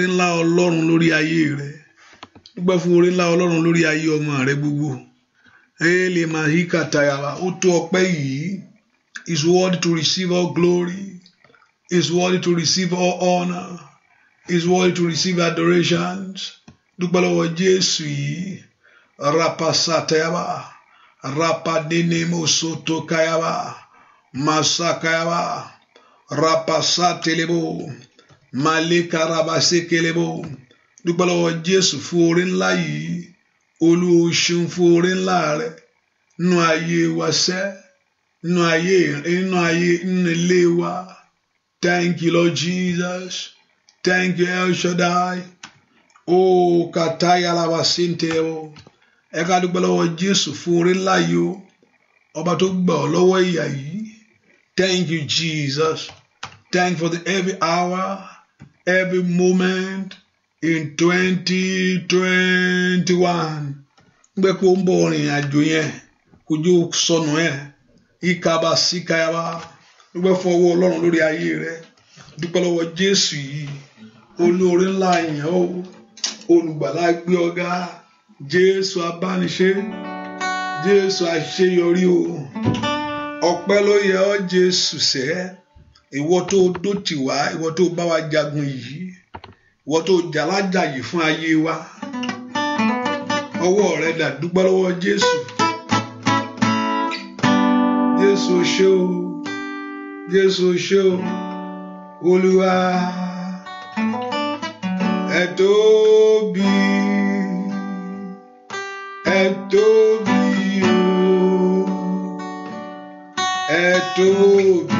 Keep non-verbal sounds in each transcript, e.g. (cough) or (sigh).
ìpè ńlá ọlọ́run lórí ayé rẹ dúpẹ́ fún orí ńlá ọlọ́run lórí ayé ọmọ rẹ gbogbo ele mahika tayaba ó tó ọpẹ́ yìí is worthy to receive all glory is worthy to receive all honour is worthy to receive adorations dúpẹ́ lọ́wọ́ jésù yìí rapasa tayaba rapadinemo soto kayaba masa kayaba rapasa telebo malekaraba sekelebo dúpẹ́ lọ́wọ́ jésù fún oore ńlá yìí olúwo ṣeun fún oore ńlá rẹ nínú ayé wa sẹ́ nínú ayé nínú ayé nínú ilé wa thank you lord jesus thank you el shaddai ooo katayalaba sentebo ẹ ká dúpẹ́ lọ́wọ́ jésù fún oore ńlá yìí o ọba tó gbà ọ́ lọ́wọ́ ìyà yìí thank you jesus thank you for the every hour. every moment in 2021 gbé kó ń bọ̀ rìn àjò yẹn ojú sọnù yẹn ìkàbà síkàyàbà dúpẹ́ fún ọwọ́ ọlọ́run lórí ayé rẹ dúpẹ́ lọ́wọ́ jésù yìí olóore ńlá yẹn o olùgbàlà gbé ọ̀gá jésù abániṣe jésù àṣeyọrí o ọpẹ́ ló yẹ ọ́ jésù sẹ́ẹ́. ìwọ tó dó tì wá ìwọ tó bá wa jagun yìí ìwọ tó jàlájà yìí fún ayé wa ọwọ́ rẹ dà dúpẹ́ lọ́wọ́ Jésù Jésù ṣé o Jésù ṣé o Olúwa ẹ tóbi ẹ tóbi o ẹ tóbi.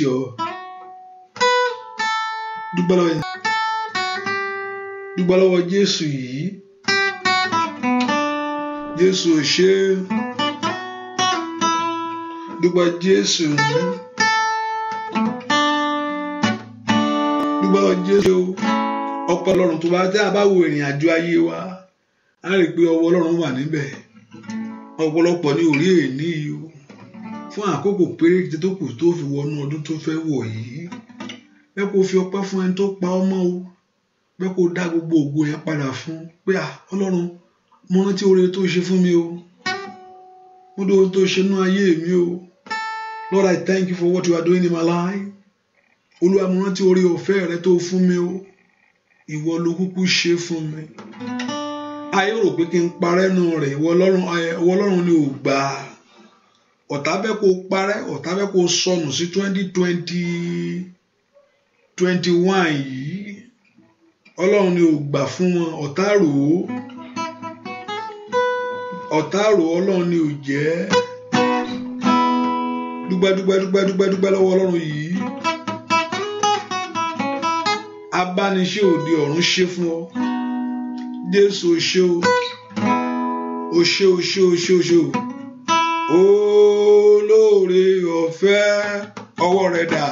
tí ọ dúpẹ́ lọ́wọ́ yẹn dúpẹ́ lọ́wọ́ Jésù yìí Jésù ò ṣe é dúpẹ́ Jésù yìí dúpẹ́ lọ́wọ́ Jésù ọpẹ́ Ọlọ́run tó bá tẹ́ a bá wo ìrìn àjò ayé wa á rí i pé ọwọ́ Ọlọ́run wà níbẹ̀ ọ̀pọ̀lọpọ̀ ní orí èní yìí o fún àkókò péréte tó kù tó fi wọnú ọdún tó fẹ́ wọ̀ yìí bẹ́ẹ̀ kó fi ọpẹ́ fún ẹni tó pa ọ́ mọ́ o bẹ́ẹ̀ kó dá gbogbo ògo yẹn padà fún pé à ọlọ́run mo rántí oore tó ṣe fún mi o mo dúró tó ṣe nú ayé mi o Lord I thank you for what you are doing in my life olúwa mo rántí oore ọ̀fẹ́ rẹ tó fún mi o ìwọ ló kúkú ṣe fún mi ayé rò pé kí n parẹ́ nu rẹ̀ ìwọ ọlọ́run ni ò gbà á ọ̀tá fẹ́ kó parẹ́ ọ̀tá fẹ́ kó sọnù sí twenty twenty twenty one yìí ọlọ́run ni ò gbà fún wọn ọ̀tá rò ó ọ̀tá rò ó ọlọ́run ni ò jẹ́ dúpẹ́ lọ́wọ́ ọlọ́run yìí abániṣe òde ọ̀run ṣe fún ọ jésù o ṣé o o o ṣé o ṣé o ṣé o olóore ọ̀fẹ́ ọwọ́ rẹ̀ dà.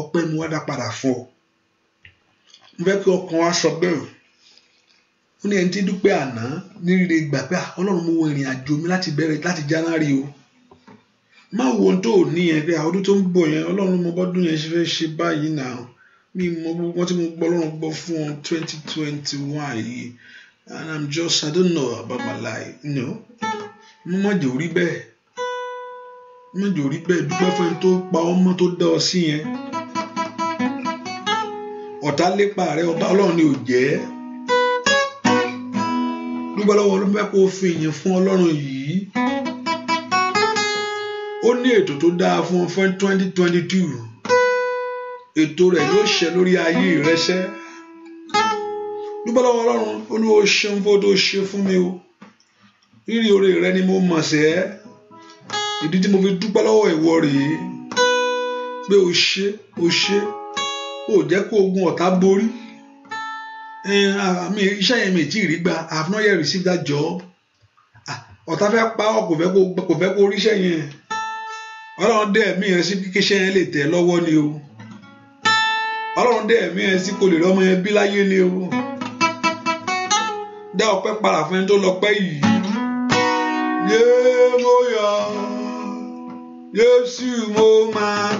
ọpẹ́ mi wá dá padà fún ọ mo fẹ́ kí ọkàn wa sọ bẹ́ẹ̀ ó ní ẹni tí dúpẹ́ àná ní rírì gbà pé ah, ọlọ́run mo wo ìrìn àjò mi láti bẹ̀rẹ̀ láti January o má wo ohun tó ní yẹn pé ah, ọdún tó ń bọ̀ yẹn ọlọ́run mo bọ́dún yẹn ṣe fẹ́ ṣe báyìí náà mi mọ gbogbo tí mo gbọ́ ọlọ́run gbọ́ fún ọ twenty twenty one yìí and i'm just i don't know about my life no mo mọ̀ jẹ́ orí bẹ́ẹ̀ mo mọ̀ jẹ́ orí bẹ́ẹ̀ dúpẹ́ fún ẹni tó pa ọmọ tó dá ọ sí yẹn ọ̀tá lépa rẹ ọba ọlọ́run ni ò jẹ́ dúpẹ́ lọ́wọ́ ọlọ́run fẹ́ kó o fi ìyìn fún ọlọ́run yìí ó ní ètò tó dáa fún ọ fún twenty twenty two ètò rẹ̀ yóò ṣẹ lórí ayé rẹ ṣẹ́ dúpẹ́ lọ́wọ́ ọlọ́run olúwo ṣeun fún tó ṣe fún mi o rírì oore rẹ ni mo mọ̀ sẹ́ ìdí tí mo fi dúpẹ́ lọ́wọ́ ìwọ rèé pé o ṣe o ṣe ò jẹ́ kó ogun ọ̀tá borí iṣẹ́ yẹn mi rí gbà I have not yet received that job ọ̀tá fẹ́ pa ọ́ kò fẹ́ kó fẹ́ kó ríṣẹ́ yẹn ọlọ́run dẹ̀ mí yẹn sí kí iṣẹ́ yẹn lè tẹ̀ lọ́wọ́ ni o ọlọ́run dẹ̀ mí yẹn sí kó lè rọ́mọ yẹn bí láyé ni o dá ọpẹ́ padà fún ẹni tó lọ pẹ́ yìí yéé mo yọ̀ yéésù mo máa.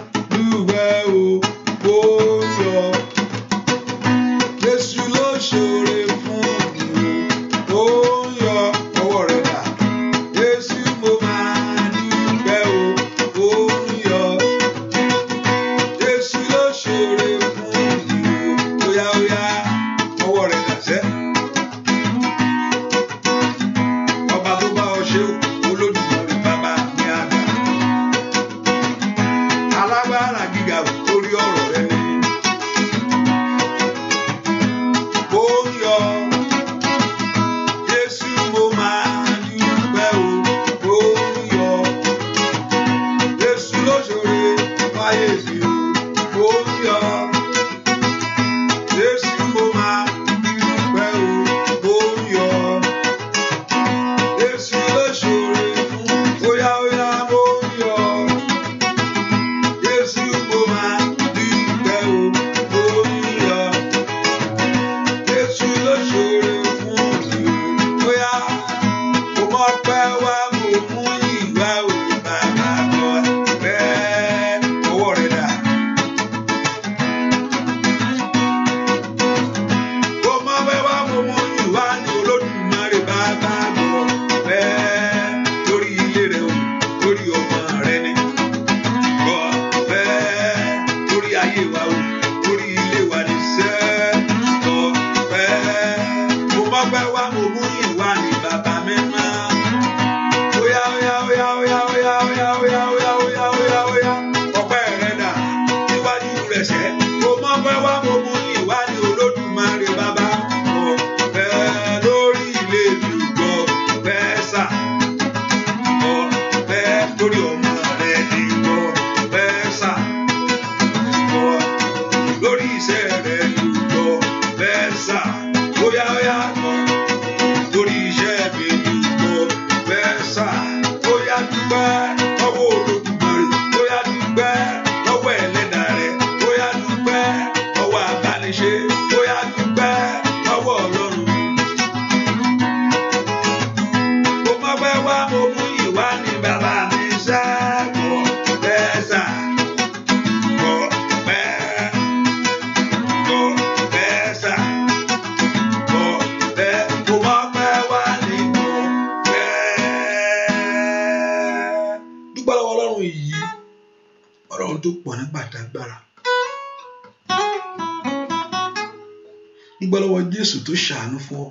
fún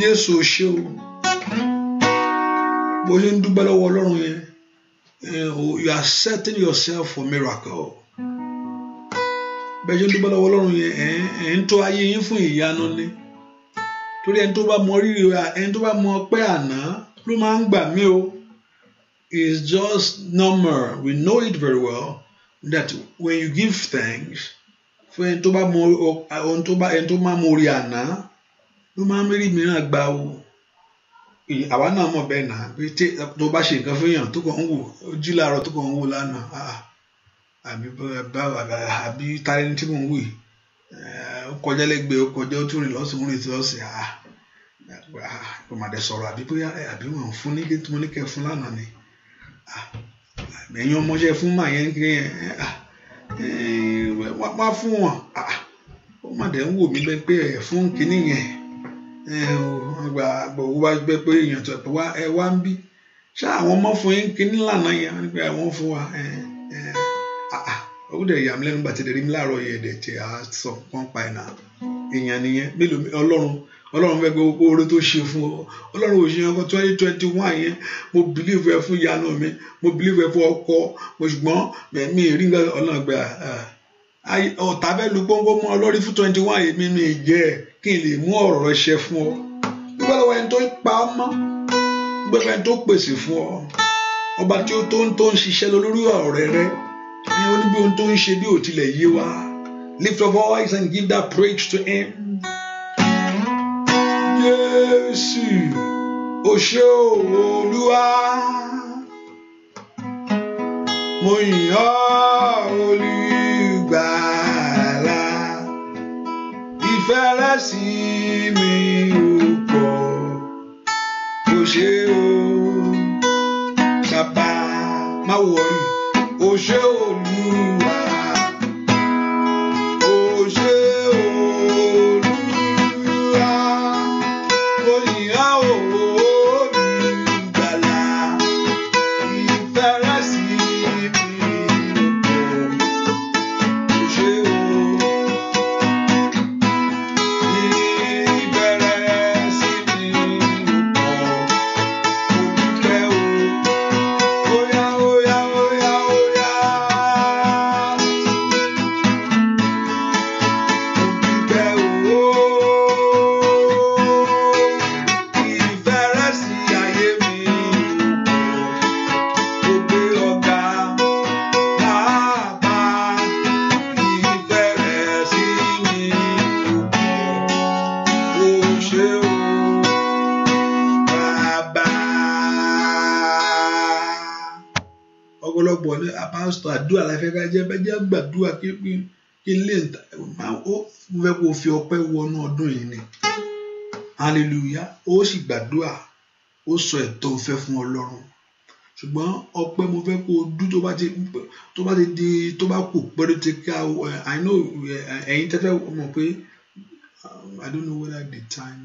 Jésù o o bó ṣe ń dúpẹ́ lọ́wọ́ Ọlọ́run yẹn eh, you are setting yourself for miracle bẹ́ẹ̀ ṣe ń dúpẹ́ lọ́wọ́ Ọlọ́run yẹn eh, eh, ẹ̀ ń tó ayé yín fún ìyanu ni torí ẹni tó bá mọ rírì ẹni tó bá mọ ọpẹ́ àná ló máa ń gbà mí o it's just normal we know it very well that when you give thanks fún ẹni tó bá mọ ohun tó bá ẹni tó máa mọ orí àná ló máa ń rí mìíràn gba o àwa náà mọ̀ bẹ́ẹ̀ náà bí tó bá ṣe nǹkan fún yàn tó kàn ń wò ojú làárọ̀ tó kàn ń wò lánàá ah, ah, àbí àbí tálẹ́ni tí mò ń wò eh, ó kọjá lẹ́gbẹ̀ẹ́ ó kọjá ó tún rìn lọ́sùn ó rìn tí lọ́sẹ̀ àá kò mà dé sọ̀rọ̀ àbí bóyá àbí wọn fún ní kí mo ní kẹ́ fún lánàá ni ah, ẹ̀yin ọmọọṣẹ́ fún màá yẹn kí ẹ̀ ẹ̀ Eh, wá fún wọn ah, ó má dẹ̀ ń wò mí bẹ́ẹ̀ pé ẹ̀ fún kinní yẹn eh, gba bọ̀wọ́ bá gbẹ́ pé èèyàn tó ẹ̀ wá ẹ̀ wá ń bí ṣá àwọn ọmọ fún yín kinní lànà yẹn wọ́n ní àwọn fún wa eh, ah, ah, ó dẹ̀ yà mí lẹ́nu gbàtẹ́dẹ̀ rí mi láàárọ̀ yẹn dẹ̀ tẹ̀ á sọ pọ́npa ẹ̀ ọlọ́run fẹ́ gbé gbogbo oore tó ṣe fún ọ ọlọ́run ò ṣe yan kan twenty twenty one yẹn mo believe ẹ fún ìyanu mi mo believe ẹ fún ọkọ mo ṣùgbọ́n mi rí nǹkan ọlọ́run gbé ọ̀tá bẹ́ẹ̀ lu gbọ́ngbọ́n mọ́ ọlọ́rí fún twenty one yìí mi mi jẹ́ kí n lè mú ọ̀rọ̀ ṣẹ fún ọ dúpẹ́ lọ́wọ́ ẹni tó pa ọ́ mọ́ dúpẹ́ lọ́wọ́ ẹni tó pèsè fún ọ ọba tí ó tó ń tó ń ṣiṣẹ́ lórí ọ̀rẹ́ rẹ ní oníbi ohun tó ń ṣe bí ò tilẹ̀ yé wa lift up your voice and give that praise to him. Yesu, o oluwa, òun Olúwa mo yìn ọ́ olùgbàlà ìfẹ́ rẹ sí mi ò pọ̀ o ṣé o bàbá má wọrí àdúrà la ká jẹ́ bá jẹ́ gbàdúrà kí ilé ó fẹ́ kó fi ọpẹ́ wọnú ọdún yìí ni hallelujah ó sì gbàdúrà ó sọ ẹ̀tọ́ fẹ́ fún ọlọ́run ṣùgbọ́n ọpẹ́ mo fẹ́ kó dú tó bá ti tó bá ti di tó bá kù péréte ká i know ẹ̀yin tẹ́tẹ́ mọ̀ pé i don't know whether the time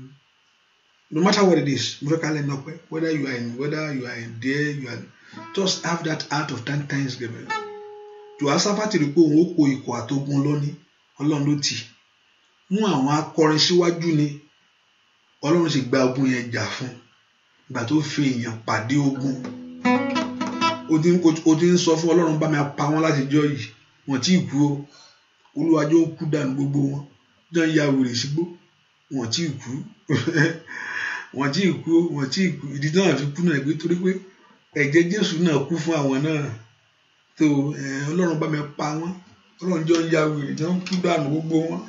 no matter what it is mo fẹ́ ká lẹ́nu ọpẹ́ whether you are in whether you are in there you are just have that heart of thanksgiving. Jòhásáfátì rí pé òun ó po ikọ̀ àtogun lọ́ní ọlọ́run ló tì mú àwọn akọrin síwájú ni ọlọ́run sì gba ogun yẹn jà fún ìgbà tó fi èèyàn pàdé ogun o ti ń sọ fún ọlọ́run bá mi pa wọ́n láti jọ́ yìí wọ́n ti kú o olúwàjọ́ kú dànù gbogbo wọn jọ ń ya wèrè sígbó wọ́n ti kú (laughs) wọ́n ti kú wọ́n ti kú ìdí náà fi kú náà gbé torí pé ẹ̀jẹ̀ Jésù náà kú fún àwọn náà tó ọlọ́run bá mi pa wọ́n ọlọ́run jọ ń ya wèrè tí wọ́n kú dànù gbogbo wọn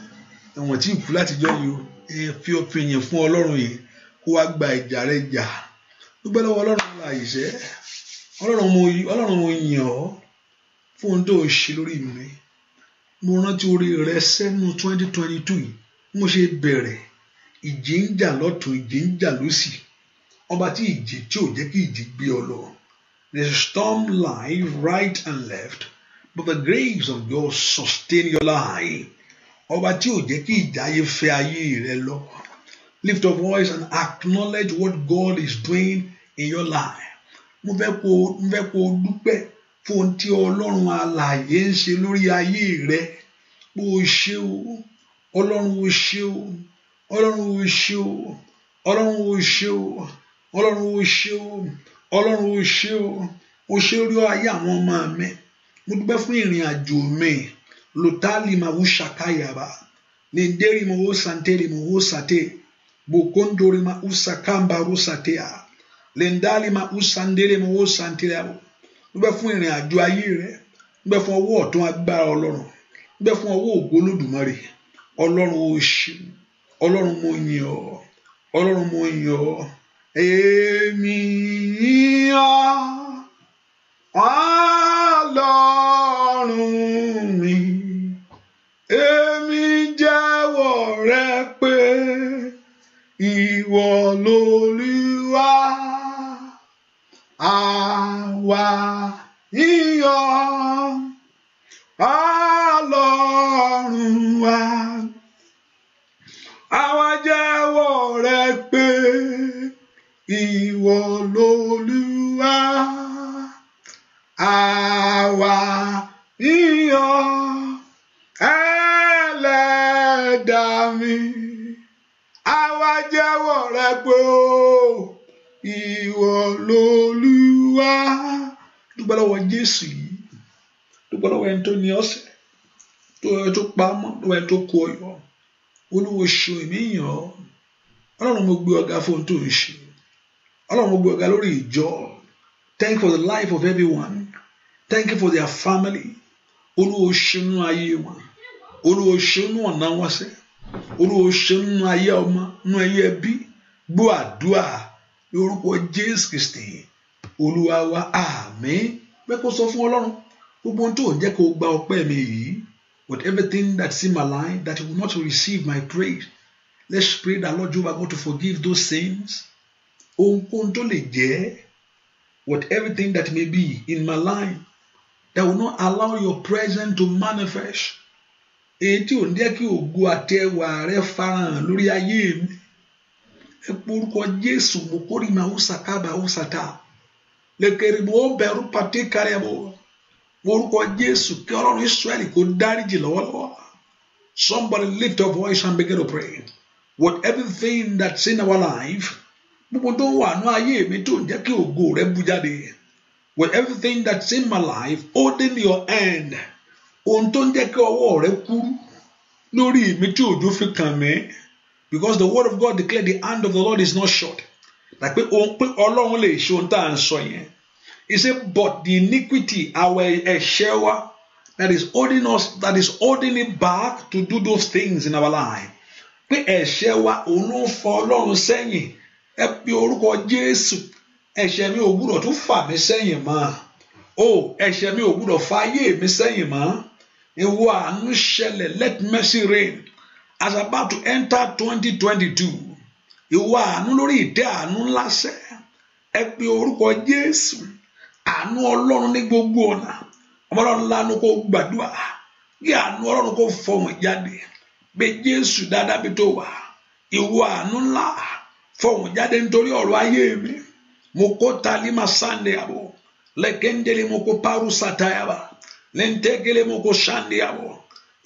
ẹ̀wọ̀n tí ìkú láti jọ yìí o fi fìyìn fún ọlọ́run yìí kó wá gba ìjà rẹ jà dúpẹ́ lọ́wọ́ ọlọ́run la àyíṣẹ́ ọlọ́run mo yìn ọ́ fún ohun tó o ṣe lórí mi mo rántí orí rẹ sẹ́nu twenty twenty two yìí mo ṣe bẹ̀rẹ̀ ìjì ń jà lọ́tún ìjì ń jà lọ́sì ọba tí ìjì tí ò jẹ́ kí ìjì gbé ọ lọ The storm lies right and left, but the graves of God sustain your life. Ọba tí ò jẹ́ kí ìjà ayé fẹ́ ayé rẹ lọ. Lift your voice and acknowledge what God is doing in your life. Mo fẹ́ kó mo fẹ́ kó dúpẹ́ fún ohun tí Ọlọ́run alààyè ń ṣe lórí ayé rẹ. Bó o ṣe o, Ọlọ́run o ṣe o, Ọlọ́run o ṣe o, Ọlọ́run o ṣe o, Ọlọ́run o ṣe o ọlọ́run ó ṣé o ó ṣé rí ayé àwọn ọmọ mi mo dúpẹ́ fún ìrìn àjò mi lòtálì màwú ṣàkáyàrá ní dérì mo ó sàǹtẹ̀lì mo ó sàtẹ̀ bòkóńdórì ma ó sàkàǹbarú sàtẹ̀ à lẹ́ńdálì ma ó sàǹdẹ̀lì mo ó sàǹtẹ̀lì à mo dúpẹ́ fún ìrìn àjò ayé rẹ mo dúpẹ́ fún ọwọ́ ọ̀tún agbára ọlọ́run mo dúpẹ́ fún ọwọ́ ògo ọlọ́run ó ṣé ọlọ́run mo yìn ọ́ ọlọ́run mo yìn ọ́ èmi yíyan ọlọ́run mi èmi jẹ́wọ́ rẹ pé ìwọ lolúwa àwa yíyan. Ìwọ lolúwa àwa yíyọ ẹlẹ́dà mi àwa jẹ́wọ́ rẹ pé o ìwọ lolúwa dúpẹ́ lọ́wọ́ Jésù yìí dúpẹ́ lọ́wọ́ ẹni tó ní ọ̀sẹ̀ tó ẹ tó pa tó ẹ tó kó ọyọ olúwo ṣe èmi yàn ọ́ ọlọ́run mo gbé ọ̀gá fóun tó ń ṣe ọlọ́run gbogbo ẹ̀ka lórí ìjọ thank you for the life of everyone thank you for their family olúwo ṣeun ayé wọn olúwo ṣeun ọ̀nà wọn sẹ́ olúwo ṣeun ayé ọmọ nú ayé ẹbí gbọ́ àdúrà lórúkọ jésù kristi olúwa wa àmín bẹ́ẹ̀ kó sọ fún ọlọ́run gbogbo ohun tó ń jẹ́ kó gba ọpẹ́ mi yìí with everything that's in my life that you will not receive my praise let's pray that lord jehovah god to forgive those sins ohunkóhun tó lè jẹ́ what everything that may be in my life that will not allow your presence to manifest èyí tí ò ń jẹ́ kí ògo àti ẹwà rẹ farahàn lórí ayé mi ẹ porúkọ Jésù mo kórìí ma húsàkábà húsàtà lẹkẹrì mo bẹ̀rù pàtẹ kárí bọ orúkọ Jésù kí Ọlọ́run Ísírẹ́lì kó dáríjì lọ́wọ́lọ́wọ́ somebody lift your voice and begin to pray with everything that's in our life. gbogbo tó ń wà ní ayé mi tó ń jẹ́ kí ògo rẹ bú jáde with everything that's in my life holding your hand ohun tó ń jẹ́ kí ọwọ́ rẹ kúrú lórí mi tí òjò fi kàn mí because the word of God declare the hand of the Lord is not short Like ohun pé ọlọ́run lè ṣe ohun tá à ń sọ yẹn he say but the iniquity our ẹ̀ṣẹ̀ wa that is holding us that is holding it back to do those things in our life pé ẹ̀ṣẹ̀ wa òun ló ń fọ ọlọ́run sẹ́yìn ẹ pe orúkọ Jésù ẹ̀ṣẹ̀ mi ò gbúdọ̀ tún fà mí sẹ́yìn mọ́ o ẹ̀ṣẹ̀ mi ò gbúdọ̀ fa ayé mi sẹ́yìn ìwọ àánú ṣẹlẹ̀ let mercy reign as about to enter 2022. twenty two ìwọ àánú lórí ìtẹ́ àánú ńlá sẹ́ ẹ pe orúkọ Jésù àánú Ọlọ́run ní gbogbo ọ̀nà ọmọlọ́run lánàá kó gbàdúrà kí àánú Ọlọ́run kó fọwọ́n jáde gbé Jésù dáadáa bí tó wà ìwọ àánú ńlá fóun jáde nítorí ọ̀rọ̀ ayé mi mo kó talima sànni àbọ̀ lẹ́kẹ́ndẹ́lẹ́ mo kó paru satayaba lẹ́ńtẹ́gẹ́lẹ́ mo kó sànni àbọ̀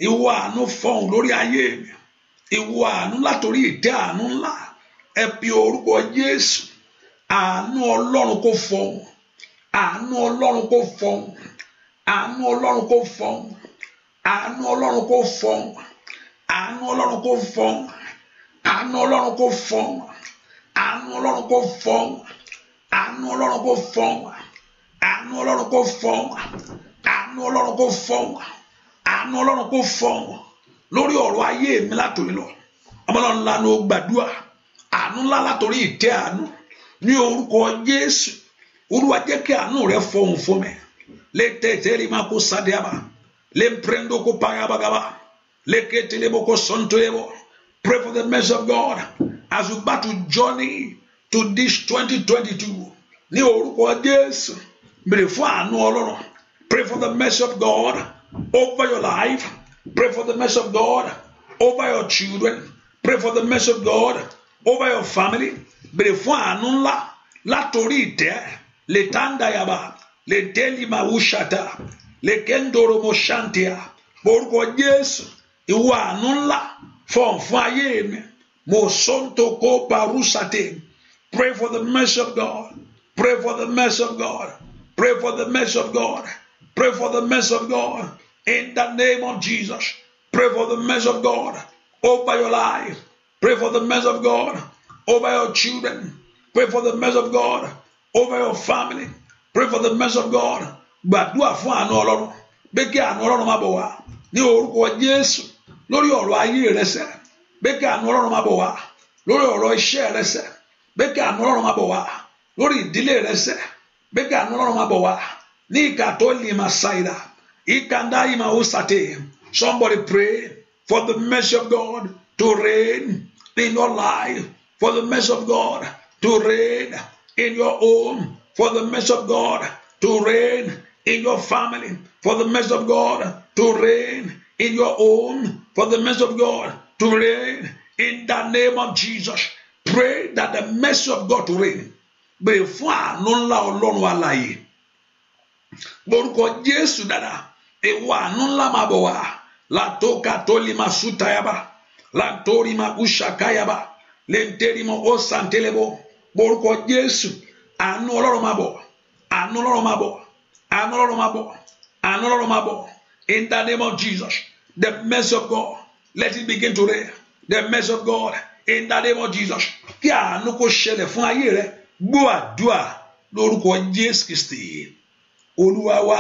ìwọ àánú fóun lórí ayé mi ìwọ àánú látòrí ìdí àánú ńlá ẹ̀pì orúkọ Jésù àánú Ọlọ́run kò fóun àánú Ọlọ́run kò fóun àánú Ọlọ́run kò fóun àánú Ọlọ́run kò fóun àánú Ọlọ́run kò fóun àánú Ọlọ́run kò fóun àánú ọlọ́run kò fọ́n àánú ọlọ́run kò fọ́n àánú ọlọ́run kò fọ́n àánú ọlọ́run kò fọ́n àánú ọlọ́run kò fọ́n lórí ọ̀rọ̀ ayé mi látòrí lọ ọmọlọ́run ńlá ni ó gbàdúrà àánú ńlá látòrí ìtẹ́ àánú ní orúkọ Jésù Olúwa jẹ́ kí àánú rẹ fọhùn fún mi lè tẹ̀tẹ̀ rí máa kó sáde àbá lè pèrèndó kó pàgàbàgàbà lè kéte lébó kó sọ́ńtò lébó pray for the mercy of God as we start to journey to this 2022 ní orúkọ Jésù béèrè fún Ọlọ́run pray for the mercy of God over your life pray for the mercy of God over your children pray for the mercy of God over your family béèrè fún àánú ńlá látòrí ìtẹ́ lè tàǹdàyàbà lè délì máa wú ṣàtà lè kéńdòrò mo ṣàǹtìyà orúkọ Jésù ìwọ àánú ńlá fọ̀n fún ayé mi. ko Pray for the mercy of God. Pray for the mercy of God. Pray for the mercy of God. Pray for the mercy of God. In the name of Jesus. Pray for the mercy of God over your life. Pray for the mercy of God over your children. Pray for the mercy of God over your family. Pray for the mercy of God. Gbàdúrà fún àánú Ọlọ́run. Bẹ́ẹ̀ kí àánú Ọlọ́run má bọ̀ wá. Ní orúkọ Jésù lórí ọ̀rọ̀ ayé rẹ sẹ́rẹ̀ gbẹ́kẹ̀ àánú ọlọ́run máa bọ̀ wá lórí ọ̀rọ̀ iṣẹ́ rẹ sẹ́ gbẹ́kẹ̀ àánú ọlọ́run máa bọ̀ wá lórí ìdílé rẹ sẹ́ gbẹ́kẹ̀ àánú ọlọ́run máa bọ̀ wá ní ìka tó lè máa ṣàìdá yìí máa ó sàté somebody pray for the mercy of God to reign in your life for the mercy of God to reign in your home for the mercy of God to reign in your family for the mercy of God to reign in your home for the mercy of God to reign in the name of Jesus. Pray that the mercy of God to reign. Bẹ̀rẹ̀ fún àánú ńlá Ọlọ́run alààyè. Borúkọ Jésù dáadáa, ìwọ àánú ńlá máa bọ̀ wá. Látòkà tó lè máa sùn tayaba. Látòrí máa kú ṣàkáyaba. Lẹ́ńtẹ́rì mọ́ ó sàǹtẹ́lẹ́bọ̀. Borúkọ Jésù, àánú Ọlọ́run máa bọ̀. Àánú Ọlọ́run máa bọ̀. Àánú Ọlọ́run máa bọ̀. Àánú Ọlọ́run máa bọ̀. In the name of Jesus, the mercy of God let it begin to rain. the mercy of God in the name of Jesus kí àánú kó ṣẹlẹ̀ fún ayé rẹ gbọ́ àdúà lórúkọ Jésù Kristi olúwa wa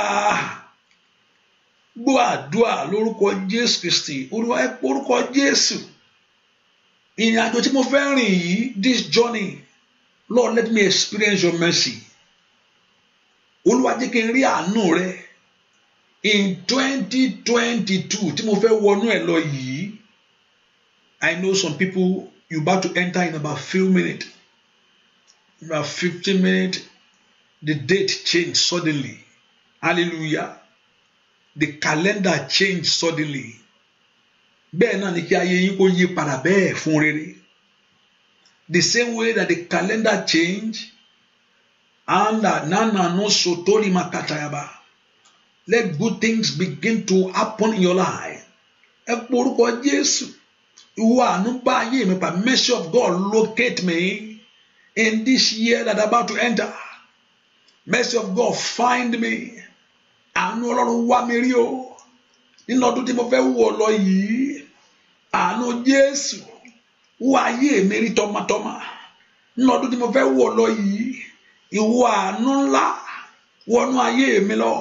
gbọ́ àdúà lórúkọ Jésù Kristi olúwa ẹ orúkọ Jésù ìrìn àjò tí mo fẹ́ rìn yìí this journey Lord let me experience your mercy olúwa jẹ́ kí n rí àánú rẹ in twenty twenty two tí mo fẹ́ wọnú ẹ̀ lọ yìí I know some people you about to enter in about few minutes, about 15 minutes, the date changed suddenly. Hallelujah. The calendar changed suddenly. Bẹ́ẹ̀ náà ni kí ayé yín kó yí padà bẹ́ẹ̀ fún rere. The same way that the calendar changed, anda uh, nana no sotori makatayaba. Let good things begin to happen in your life. Ẹ porúkọ Jésù ìwọ àánú bá ayé mi pa mercy of God locate me in this year that I'm about to enter mercy of God find me àánú ọlọ́run wá mi rí o nínú ọdún tí mo fẹ́ wọ̀ lọ yìí àánú Jésù wá ayé mi rí tọmọtọmọ nínú ọdún tí mo fẹ́ wọ̀ lọ yìí ìwọ àánú ńlá wọnú ayé mi lọ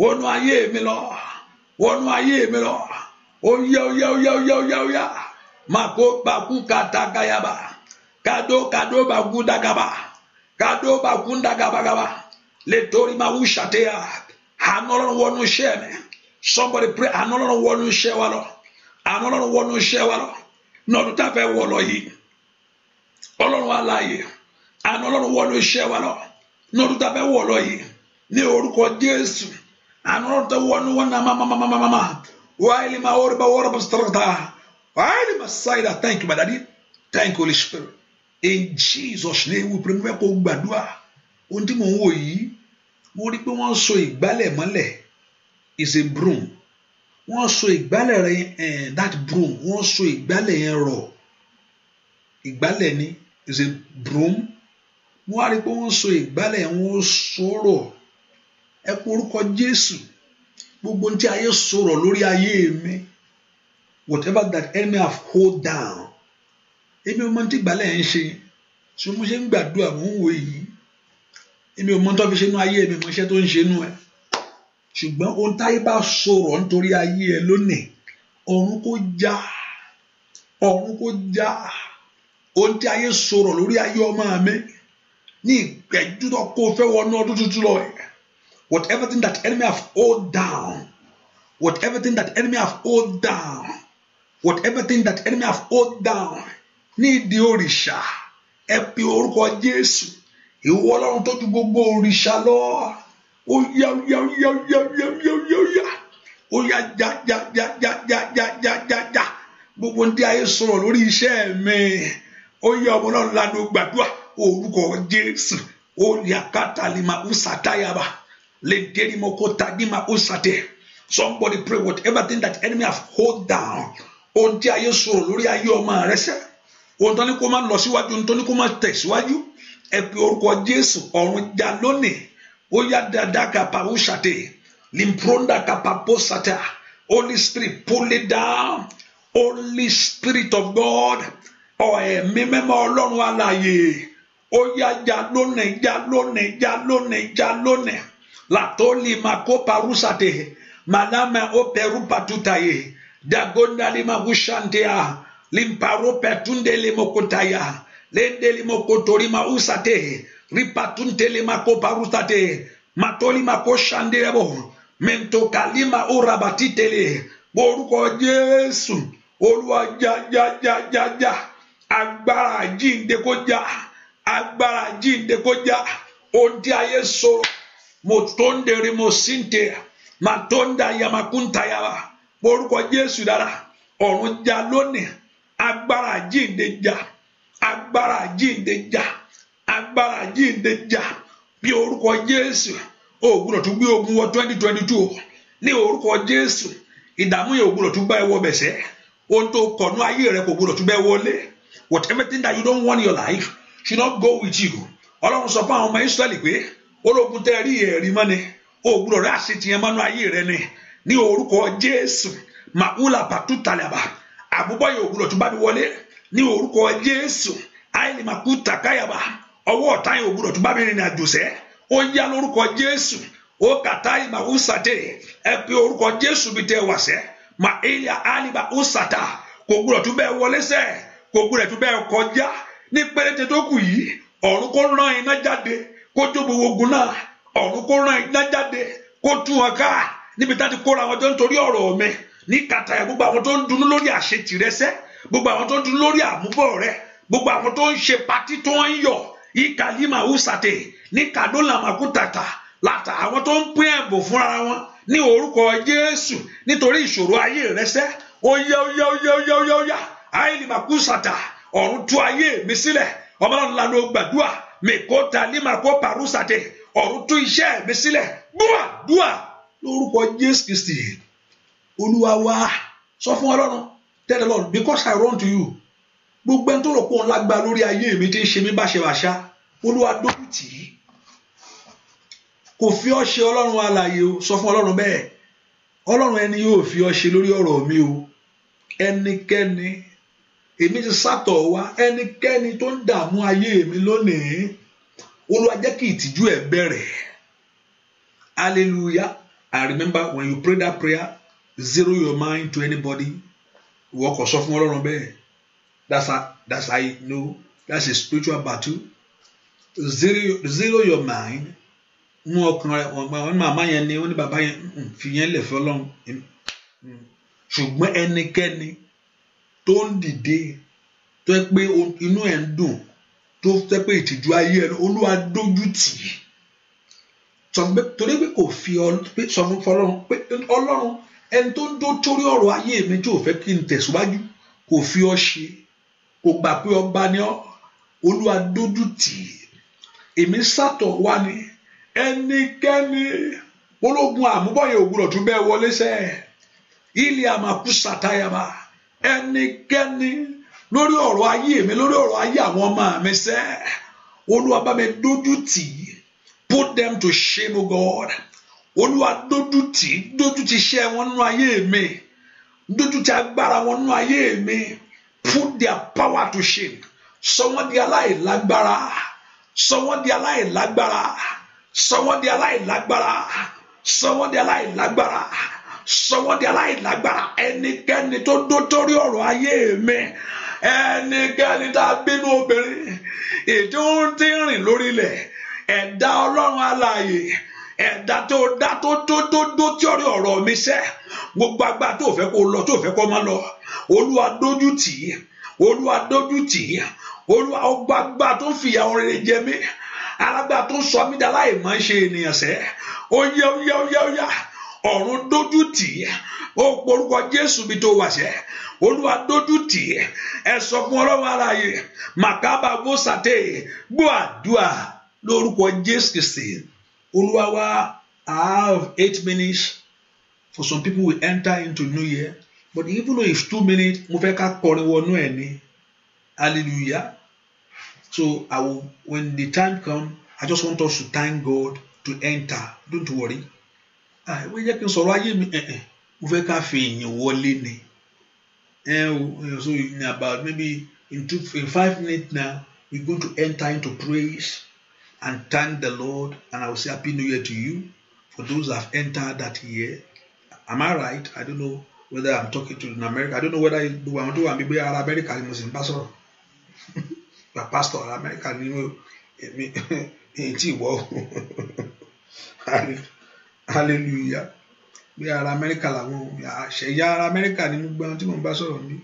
wọnú ayé mi lọ wọnú ayé mi lọ ó yá ó yá ó yá ó yá ó mako baku katagayaba kado kado bagudagaba kado bagundagabagaba letori mawushateya anọlọrun wọnú iṣẹ́ mi somebody pray anọlọrun wọnú iṣẹ́ wa lọ anọlọrun wọnú iṣẹ́ wa lọ nọdún tá a fẹ́ wọ lọ yìí Ọlọ́run aláàyè anọlọrun wọnú iṣẹ́ wa lọ nọdún tá a fẹ́ wọ lọ yìí ní orúkọ Jésù anọlọrun tó wọnú wọn náà mamamamamama wàhálì máa wọrọ bá wọrọ bá sọ̀rọ̀ dáa. I must say that thank you, my daddy. Thank you, Holy Spirit. In Jesus' name, we pray. Mo fẹ́ kó gbàdúrà. Ohun tí mò ń wò yìí, mo rí pé wọ́n so ìgbálẹ̀ mọ́lẹ̀ is a broom. Wọ́n so ìgbálẹ̀ rẹ̀ eh, that broom. Wọ́n so ìgbálẹ̀ yẹn rọ̀. Ìgbálẹ̀ ni is a broom. Mo wá rí pé wọ́n so ìgbálẹ̀ yẹn wọ́n so rọ̀. Ẹ kú orúkọ Jésù. Gbogbo ohun tí ayé so rọ̀ lórí ayé mi whatever that enemy have hold down èmi ò mọ tí gbàlẹ̀ ń ṣe tí mo ṣe ń gbàdúrà mò ń wò yìí èmi ò mọ tó fi ṣe nú ayé mi mo ṣe tó ń ṣe nú ẹ ṣùgbọ́n ohun táyé bá sọ̀rọ̀ nítorí ayé ẹ lónìí ọ̀run kò já ọ̀run kò já ohun tí ayé sọ̀rọ̀ lórí ayé ọmọ mi ní ìpẹ́jú tó kó fẹ́ wọnú ọdún tuntun lọ ẹ̀ whatever thing that enemy have hold down whatever thing that enemy have hold down whatever thing that enemy have hold down ní ìdí òrìṣà ẹ pe orúkọ Jésù ìwọ Ọlọ́run tó ju gbogbo òrìṣà lọ ó yá yá yá yá yá yá yá yá ó yá já já já já já já já já já gbogbo ndí ayé sọ̀rọ̀ lórí iṣẹ́ mi ó yá ọmọ náà lanu gbàdúrà orúkọ Jésù ó yá kátàlímà ó sàtáyàbà lè dérí mọ kó tagímà ó sàtẹ somebody pray whatever thing that enemy have hold down ohun tí ayé sọ̀rọ̀ lórí ayé ọmọ rẹ sẹ́ ohun tó ní kó máa lọ síwájú ohun tó ní kó máa tẹ̀síwájú ẹ pe orúkọ Jésù ọ̀run já lónìí ó yá dáadáa kapa ó ṣàtẹ limpronda kapa bó ṣàtẹ Holy Spirit pull it down Holy Spirit of God ẹ̀mí mímọ́ ọlọ́run alààyè ó yá já lónìí já lónìí já lónìí já lónìí làtó lè máa kó parúṣàtẹ màlámà ó bẹ̀rù pàtútà yìí dagonda limagushantea limparope tunde limokotaya lende limokotori mausate ripatunte limakoparusate matoli makoshandirebo mentokalima orabatitele orúkọ jésù olúwa jájájájájá agbára jíǹde kó já agbára jíǹde kó já ohun tí ayé sọ mo tó ń dèrè mo sí ń tè yamakunta yàrá orúkọ Jésù dára ọ̀run já lónìí agbára àjíǹde já agbára àjíǹde já agbára àjíǹde já bí orúkọ Jésù ògùn ọ̀tún gbé ogun wọ twenty twenty two ní orúkọ Jésù ìdààmú yẹn ògùn ọ̀tún bá ẹ bẹ̀sẹ̀ ohun tó kọ̀nú ayé rẹ kò gbọdọ̀ ọ̀tún bẹ́ẹ̀ wọlé whatever thing that you don't want in your life should not go with you ọlọ́run sọ fún àwọn ọmọ Ísírẹ́lì pé ológun tẹ́ rí ẹ̀rí mọ́ni ògùn ọ̀rẹ́ àṣetìyẹn mọ́nú ayé rẹ ni ní orúkọ jésù màkúlà pàtó tàlàbà àbúbọyè ògùnlọ tó bá mi wọlé ní orúkọ jésù àìní makuta tàkáyàbà ọwọ́ ọ̀tá yẹn ògùnlọ tó bá mi rìnrìn àjò sẹ ó yá lórúkọ jésù ó kàtá ìmàkú sàtẹ ẹ pé orúkọ jésù bí tẹ wà sẹ mà ilà àlìbà ó sàtà kò gbúdọ̀ tó bẹ́ẹ̀ wọlé sẹ́ kò gbúdọ̀ tó bẹ́ẹ̀ kọjá ní péréte tó kù yìí ọ̀run kó rán iná jáde kó tó gbogbo ogun náà ọ̀run kó rán iná jáde kó tú wọn ká níbi tá a ti kóra àwọn tó ń torí ọ̀rọ̀ mi ní kàtàyà gbogbo àwọn tó ń dunú lórí àṣetìrẹsẹ́ gbogbo àwọn tó ń dunú lórí àmúbọ̀ rẹ gbogbo àwọn tó ń ṣe patí tó ń yọ̀ ìkàlímà húsàtè ní kàdólàmàkútàtà látà àwọn tó ń pín ẹ̀bùn fúnra wọn ní orúkọ Jésù nítorí ìṣòro ayé rẹ sẹ́ ó yá ó yá ó yá ó yá ó yá ọ̀run tú ayé mi sílẹ̀ ọmọláwọn ọ̀run tú iṣẹ́ mi sílẹ̀ dúà dúà lórúkọ Jésù Kristi olúwa wá sọ fún ọlọ́run tell the Lord because I run to you gbogbo ẹni tó rò pé òun lágbá lórí ayé mi tí ń ṣe mí báṣebàṣá olúwa dókú tì í kò fi ọ́ ṣe ọlọ́run alààyè o sọ fún ọlọ́run bẹ́ẹ̀ ọlọ́run ẹni yóò fi ọ́ ṣe lórí ọ̀rọ̀ mi o ẹnikẹ́ni èmi ti sátọ̀ wá ẹnikẹ́ni tó ń dààmú ayé mi lónìí olúwa jẹ́ kí ìtìjú ẹ̀ bẹ̀rẹ̀ hallelujah I remember when you pray that prayer, zero your mind to anybody. Walk or soften Ọlọ́run bẹ́ẹ̀. That's how that's how you know that's a spiritual battle. Zero zero your mind. Mú ọkàn rẹ̀ wọ́n màmá yẹn ni wọ́n ní bàbá yẹn hmm, fi yẹn lẹ̀ fẹ́ Ọlọ́run. Hmm. Ṣùgbọ́n ẹnikẹ́ni tó ń dìde tó yẹ pé inú ẹ̀ ń dùn tó yẹ pé ìtìjú ayé ẹ̀ olúwa dójú tì í torí pé kò fi sọ fún fọlọ́run pé ọlọ́run ẹni tó ń dó torí ọ̀rọ̀ ayé mi tí ò fẹ́ kí n tẹ̀síwájú kò fi ọ ṣe kò gbà pé ọba ni ọ olúwa dójú tì í èmi sátọ̀ wá ni ẹnikẹ́ni ológun àmúbọ̀yẹ̀ òwúrọ̀ tún bẹ́ẹ̀ wọlé sẹ́ ilé àmàkù sàtáyàmà ẹnikẹ́ni lórí ọ̀rọ̀ ayé mi lórí ọ̀rọ̀ ayé àwọn ọmọ mi sẹ́ olúwa bá mi dójú tì í Put them to shame, O God. Olúwa dójú tì, dójú ti iṣẹ́ wọn nínú ayé mi. Dójú ti agbára wọn nínú ayé mi. Put their power to shame. Sọ wọ́n di aláìlágbára. Sọ wọ́n di aláìlágbára. Sọ wọ́n di aláìlágbára. Sọ wọ́n di aláìlágbára sọwọ́ di aláìlágbára ẹnikẹ́ni tó dó torí ọ̀rọ̀ ayé mi ẹnikẹ́ni tá a bínú obìnrin ètò ń tí ń rìn lórí ilẹ̀ ẹ̀dá ọlọ́run alààyè ẹ̀dá tó dá tó tó tó tó tí ọ̀rẹ́ ọ̀rọ̀ mi sẹ́ gbogbo agbá tó fẹ́ kó lọ tó fẹ́ kó má lọ olúwa dójú tì í olúwa dójú tì í olúwa ọgbà agbá tó fìyà òrèrè jẹ mí alágbá tó sọ mí dá láì máa ń ṣe ènìyàn sẹ́ ó yá ó yá ó yá ó yá ọ̀run dójú tì í ó porúkọ jésù bí tó wà sẹ́ olúwa dójú tì í ẹ sọ fún ọlọ́run aláàyè màkàbà gbó sàté gbó àdúrà lórúkọ Jésù Kristi olúwa wa I have eight minutes for some people will enter into new year but even though it's two minutes mo fẹ́ ká kọrin wọnú ẹ̀ ní hallelujah so I will when the time come I just want us to thank God to enter don't worry ah ìwé jẹ́ kí n sọ̀rọ̀ ayé mi ẹ̀ẹ̀ mo fẹ́ ká fi ìyìn wọlé ni ẹ̀ ẹ̀ so in about maybe in two in five minutes now we go to enter into praise and thank the Lord. And I will say Happy New Year to you for those that have entered that year. Am I right? I don't know whether I'm talking to an American. I don't know whether I do want to be an American ni mo sì ń bá sọ̀rọ̀. pastor America You know. èmi èyí tí hallelujah We are Amẹ́ríkà alone. àṣẹyà ara Amẹ́ríkà American. You gbọ́n tí mo bá sọ̀rọ̀ mi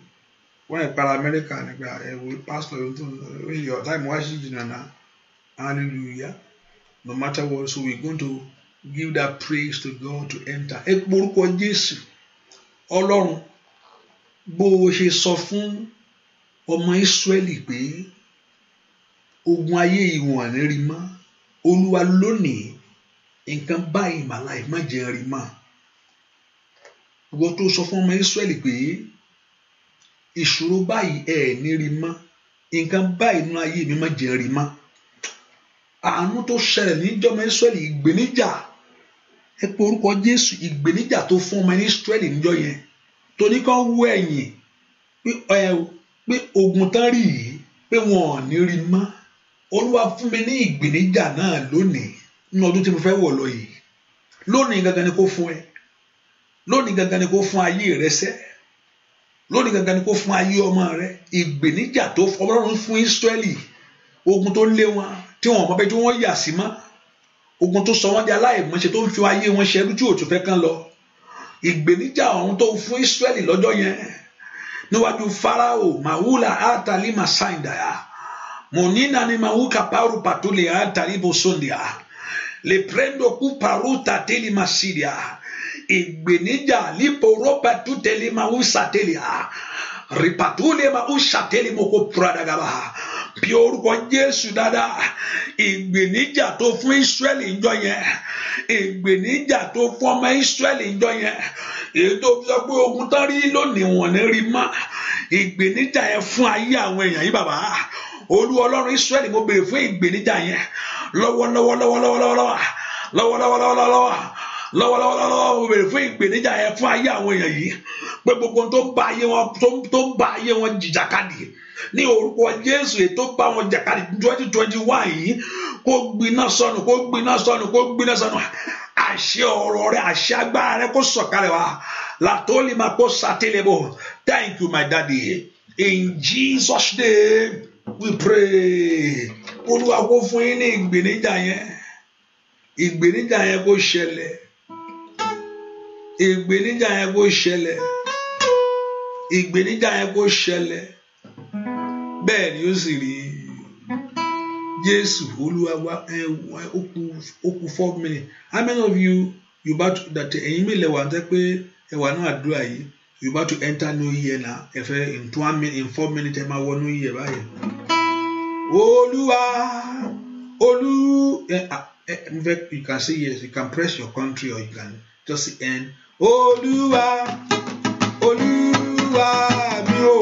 wọ́n When para Amẹ́ríkà nígbà ẹ̀wò pastor. Your time was yọ̀ táìmù hallelujah no matter what so we're going to give that praise to God to enter ẹ porúkọ Jésù Ọlọ́run bó o ṣe sọ fún ọmọ Ísírẹ́lì pé ogun ayé ìwọ̀n àníri mọ́ Olúwa lónìí nǹkan báyìí màlá ẹ̀ má jẹ́ rí mọ́ ìwọ tó sọ fún ọmọ Ísírẹ́lì pé ìṣòro báyìí ẹ̀ ní rí mọ́ nǹkan báyìí nínú ayé mi má jẹ́ rí mọ́ àánú tó ṣẹlẹ̀ níjọ́mọ Ísírẹ́lì ìgbéníjà ẹ pé orúkọ Jésù ìgbéníjà tó fún ọmọ Ísírẹ́lì níjọ́ yẹn tó ní kán wú ẹ̀yìn pé ogun tán rí yìí pé wọn ò ní rí mọ́ Olúwa fún mi ní ìgbéníjà náà lónìí nínú ọdún tí mo fẹ́ wọ̀ lọ yìí lónìí gangan ni kò fún ẹ lónìí gangan ni kò fún ayé rẹ sẹ́ lónìí gangan ni kò fún ayé ọmọ rẹ ìgbéníjà tó Ọlọ́run fún Ísírẹ́lì ogun tó lé wọn tí wọn mọ bẹ tí wọn yà sí mọ́ ogun tó sọ wọn di aláìmọ̀ṣe tó ń fi ayé wọn ṣẹrú tí òtún fẹ́ kán lọ ìgbéníjà ọ̀hún tó fún Ísírẹ́lì lọ́jọ́ yẹn níwájú Fáráò màwúlà àtàlí màsáìdàá monina ni mauka paru patuli atali bosondia le prendo kú paru tàtẹ́lì màsídìá ìgbéníjà lípo rọ́pà tútẹ́lì màwúsàtẹ́lì à rìpàtúlẹ̀ màwúsàtẹ́lì mọ́kò púradàgàbà bí orúkọ Jésù dáadáa ìgbìníjà tó fún Ísírẹ́lì ìjọ yẹn ìgbìníjà tó fún ọmọ Ísírẹ́lì ìjọ yẹn èyí tó sọ pé ogun tán rí lónìí wọn ní rí mọ́ ìgbìníjà yẹn fún ayé àwọn èèyàn yìí bàbá olú ọlọ́run Ísírẹ́lì mo béèrè fún ìgbìníjà yẹn lọ́wọ́lọ́wọ́ lọ́wọ́lọ́wọ́ lọ́wọ́lọ́wọ́ lọ́wọ́lọ́wọ́ mo béèrè fún ìgbìníjà yẹn fún ayé àwọn èèyàn yìí pé gbogbo tó ń ba ayé wọn tó ń ba ayé wọn jìjàkadì ní orúkọ Jésù ètò bá wọn jàkadì twenty twenty one yìí kó gbiná sọnù kó gbiná sọnù kó gbiná sọnù àṣẹ ọ̀rọ̀ rẹ àṣẹ agbára rẹ kó sọ̀kalẹ̀ wá látọ́lì máa kó sátẹ́lẹ̀bọ̀ thank you my daddy in Jesus name we pray olúwa fún yín ní ìgbèníjà yẹn ìgbèníjà yẹn kó ṣẹlẹ̀ ìgbèníjà yẹn kó ṣẹlẹ̀ ìgbèníjà yẹn kó ṣẹlẹ̀ bẹ́ẹ̀ ni ó sì rí Jésù Olúwa wa ó kú four minutes how many of you you about to that ẹ̀yin mi lẹ́wà tẹ́ pé ẹ̀wà náà àdúrà yìí you about to enter new year na ẹ in two minutes in four minutes ẹ máa wọ new year báyìí. Olúwa Olú ẹ ẹ you can say yes you can press your country or you can just end Olúwa Olúwa mi ò.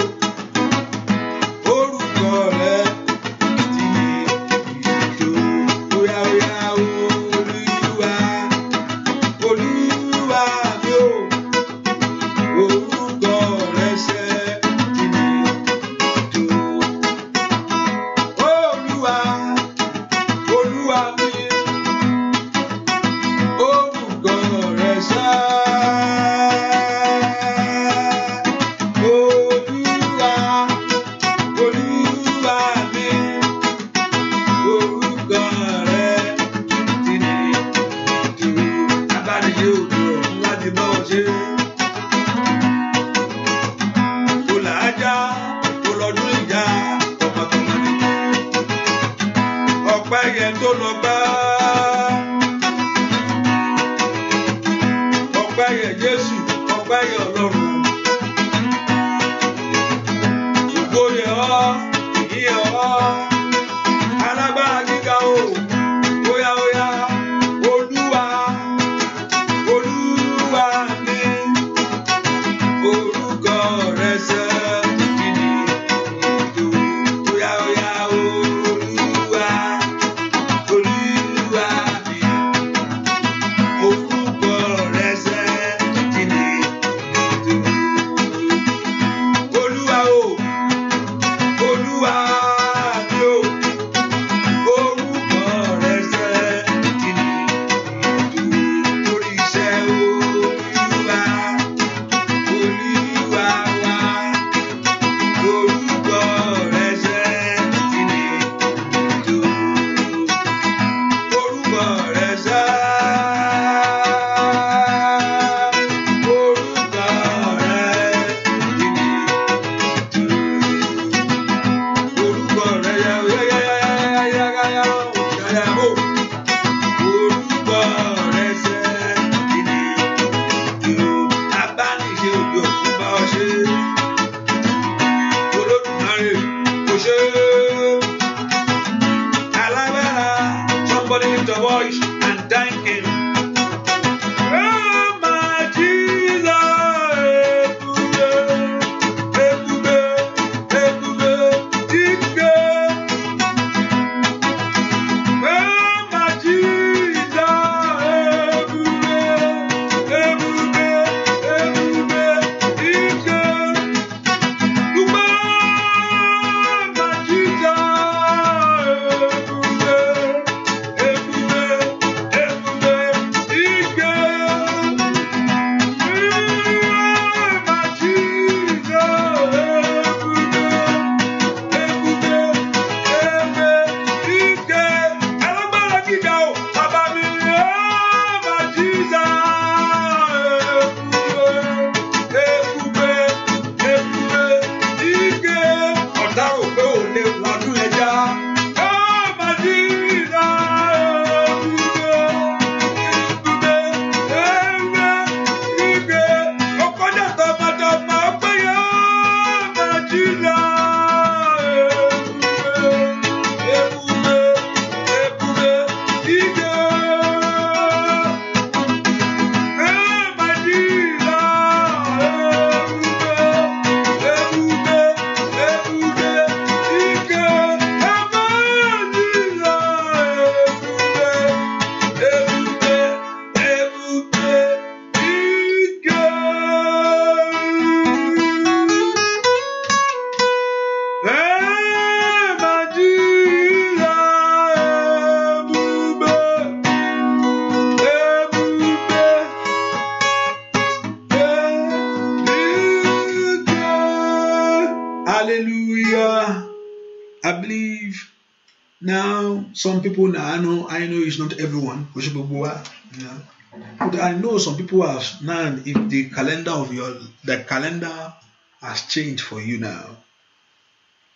people have now if the calendar of your the calendar has changed for you now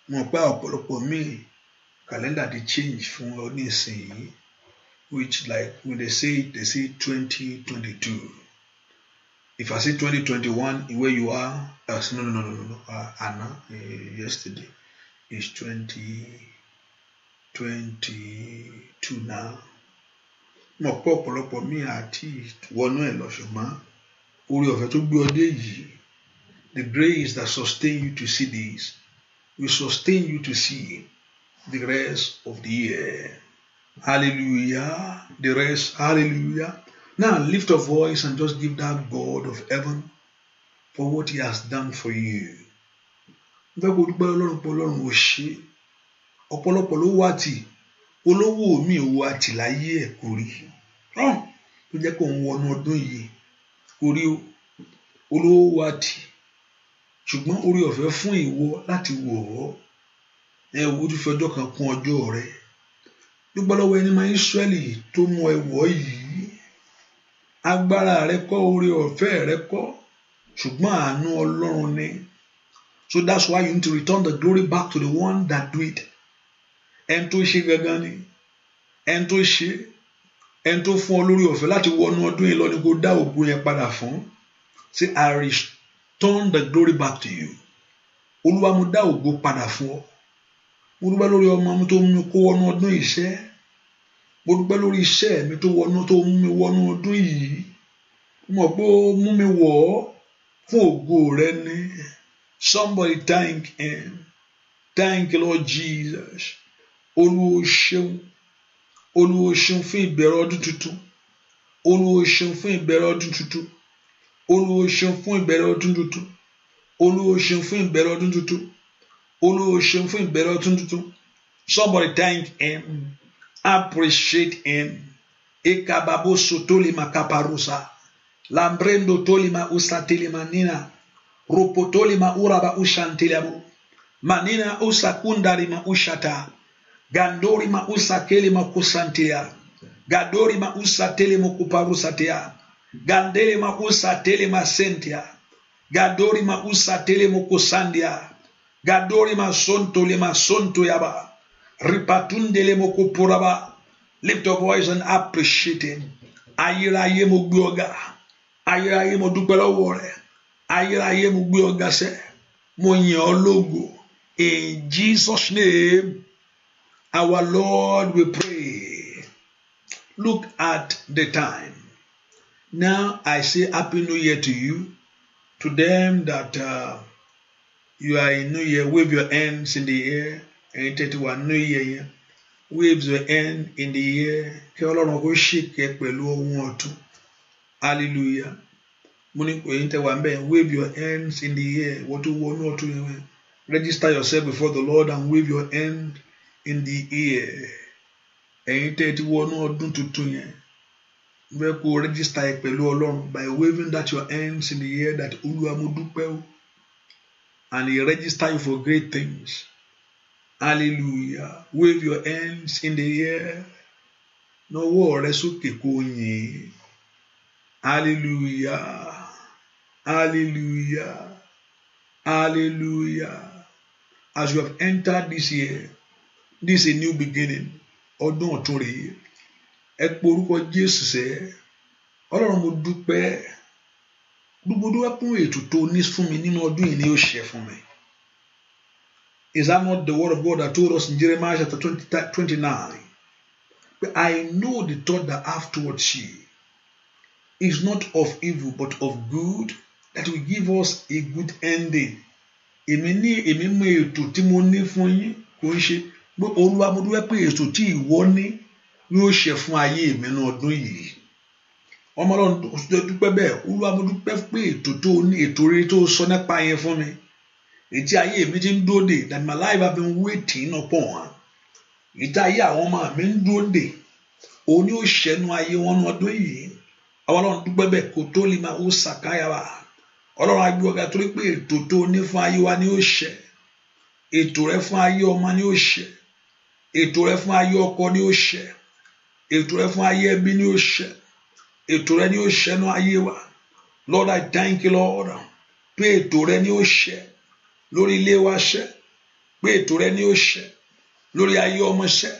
mo pé ọ̀pọ̀lọpọ̀ míì calendar dey change fún ọ nísìnyí which like when they say they say twenty twenty two if I say twenty twenty one where you are I no no no no no uh, Anna uh, yesterday is twenty twenty two now mọ̀ pé ọ̀pọ̀lọpọ̀ míì àti wọnú ẹ̀ lọ ṣùgbọ́n orí ọ̀fẹ́ tó gbé ọ dé yìí the grace that sustain you to see this will sustain you to see the rest of the year hallelujah the rest hallelujah now lift your voice and just give that God of heaven for what he has done for you n fẹ́ kó dúpẹ́ ọlọ́run pé ọlọ́run ò ṣe ọ̀pọ̀lọpọ̀ ló wá tì í olówó mi ò àtìláyé ẹ̀ kò rí rán tó jẹ́ kó ń wọnú ọdún yìí kò rí olówó wa tì ṣùgbọ́n orí ọ̀fẹ́ fún ìwọ láti wọ̀ ọ́ ẹ wo tó fi ọjọ́ kan kún ọjọ́ rẹ dúpẹ́ lọ́wọ́ ẹni máa Ísírẹ́lì tó mú ẹ wọ̀ yìí agbára rẹ kọ́ orí ọ̀fẹ́ rẹ kọ́ ṣùgbọ́n àánú Ọlọ́run ni so that's why you need to return the glory back to the one that do it ẹni tó ṣe gangan ni ẹni tó ṣe ẹni tó fún ọ lórí ọ̀fẹ́ láti wọnú ọdún yìí lọ ni kó dá ògo yẹn padà fún say I return the glory back to you olúwa mo dá ògo padà fún ọ mo dúpẹ́ lórí ọmọ mi tó mú mi kó wọnú ọdún iṣẹ́ mo dúpẹ́ lórí iṣẹ́ mi tó wọnú tó mú mi wọnú ọdún yìí mo pé mú mi wọ̀ ọ́ fún ògo rẹ ni somebody thank him thank you Lord Jesus olúwo ṣeun olúwo ṣeun fún ìbẹ̀rẹ̀ ọdún tuntun olúwo ṣeun fún ìbẹ̀rẹ̀ ọdún tuntun olúwo ṣeun fún ìbẹ̀rẹ̀ ọdún tuntun olúwo ṣeun fún ìbẹ̀rẹ̀ ọdún tuntun olúwo ṣeun fún ìbẹ̀rẹ̀ ọdún tuntun somebody thank him appreciate him ekababoso tolima kaparusa lambrendo tolima usatelima nina ropotolima uraba ushantilabu manina usakundarima ushata gandori mausa kele kusantia. gadori mausa tele mokuparusatea gandele mausa tele masentia gadori mausa tele kusandia. gadori masonto le sonto yaba ripatunde le mokupuraba lift your voice and appreciate him ayérayé mo gbé ọ̀gá ayérayé mo dúpẹ́ lọ́wọ́ rẹ̀ ayérayé mo gbé ọ̀gá mo yìn ọ́ in Jesus name. Our Lord, we pray. Look at the time. Now I say Happy New Year to you, to them that uh, you are in New Year, wave your hands in the air, and it was New Year. Waves your hand in the air. Kí Ọlọ́run kó ṣìkẹ́ pẹ̀lú ohun ọ̀tún. Hallelujah. Mo ní pé tẹ wà ń bẹ̀, wave your hands in the air. Wọ́n tó wọnú ọ̀tún yẹn. Register yourself before the Lord and wave your hand in the air, ẹ̀yin tẹ́ ẹ ti wọnú ọdún tuntun yẹn mo fẹ́ kó o register ẹ pẹ̀lú by waving that your hands in the air that olúwa mo o and he register you for great things hallelujah wave your hands in the air nawọ́ rẹ sókè kó o yìn hallelujah hallelujah hallelujah as you have entered this year this is a new beginning ọdún ọ̀tun rèé ẹ pe orúkọ Jésù sẹ́ ọlọ́run mo dúpẹ́ gbogbo dúpẹ́ fún ètò tó ní fún mi nínú ọdún yìí ni ó ṣe fún mi is that not the word of God that told us in Jeremiah chapter twenty nine I know the thought that I have is not of evil but of good that will give us a good ending èmi ní èmi mú ètò tí mo ní fún yín kò ń ṣe pé olúwa mo dúpẹ́ pé èso tí ìwọ ní yóò ṣe fún ayé mi ní ọdún yìí ọmọ ọlọ́run tó ṣe dúpẹ́ bẹ́ẹ̀ olúwa mo dúpẹ́ pé ètò tó ní ètò rere tó sọ nípa yẹn fún mi ètí ayé mi ti ń dúró dè that my life have been waiting upon her ètí ayé àwọn ọmọ mi ń dúró dè òun yóò ṣẹnu ayé wọn ní ọdún yìí àwọn ọlọ́run dúpẹ́ bẹ́ẹ̀ kò tó lè máa ó sàkáyà wa ọlọ́run agbé ọ̀gá torí pé ètò tó ní fún ayé wa ni ó ṣẹ ètò rẹ fún ayé ọmọ ni ó ṣẹ ètò rẹ fún ayé ọkọ ni ó ṣẹ ètò rẹ fún ayé ẹbí ni ó ṣẹ ètò rẹ ni ó ṣẹ ní ayé wa Lord I thank you Lord pé ètò rẹ ni ó ṣẹ lórí ilé wa ṣẹ pé ètò rẹ ni ó ṣẹ lórí ayé ọmọ ṣẹ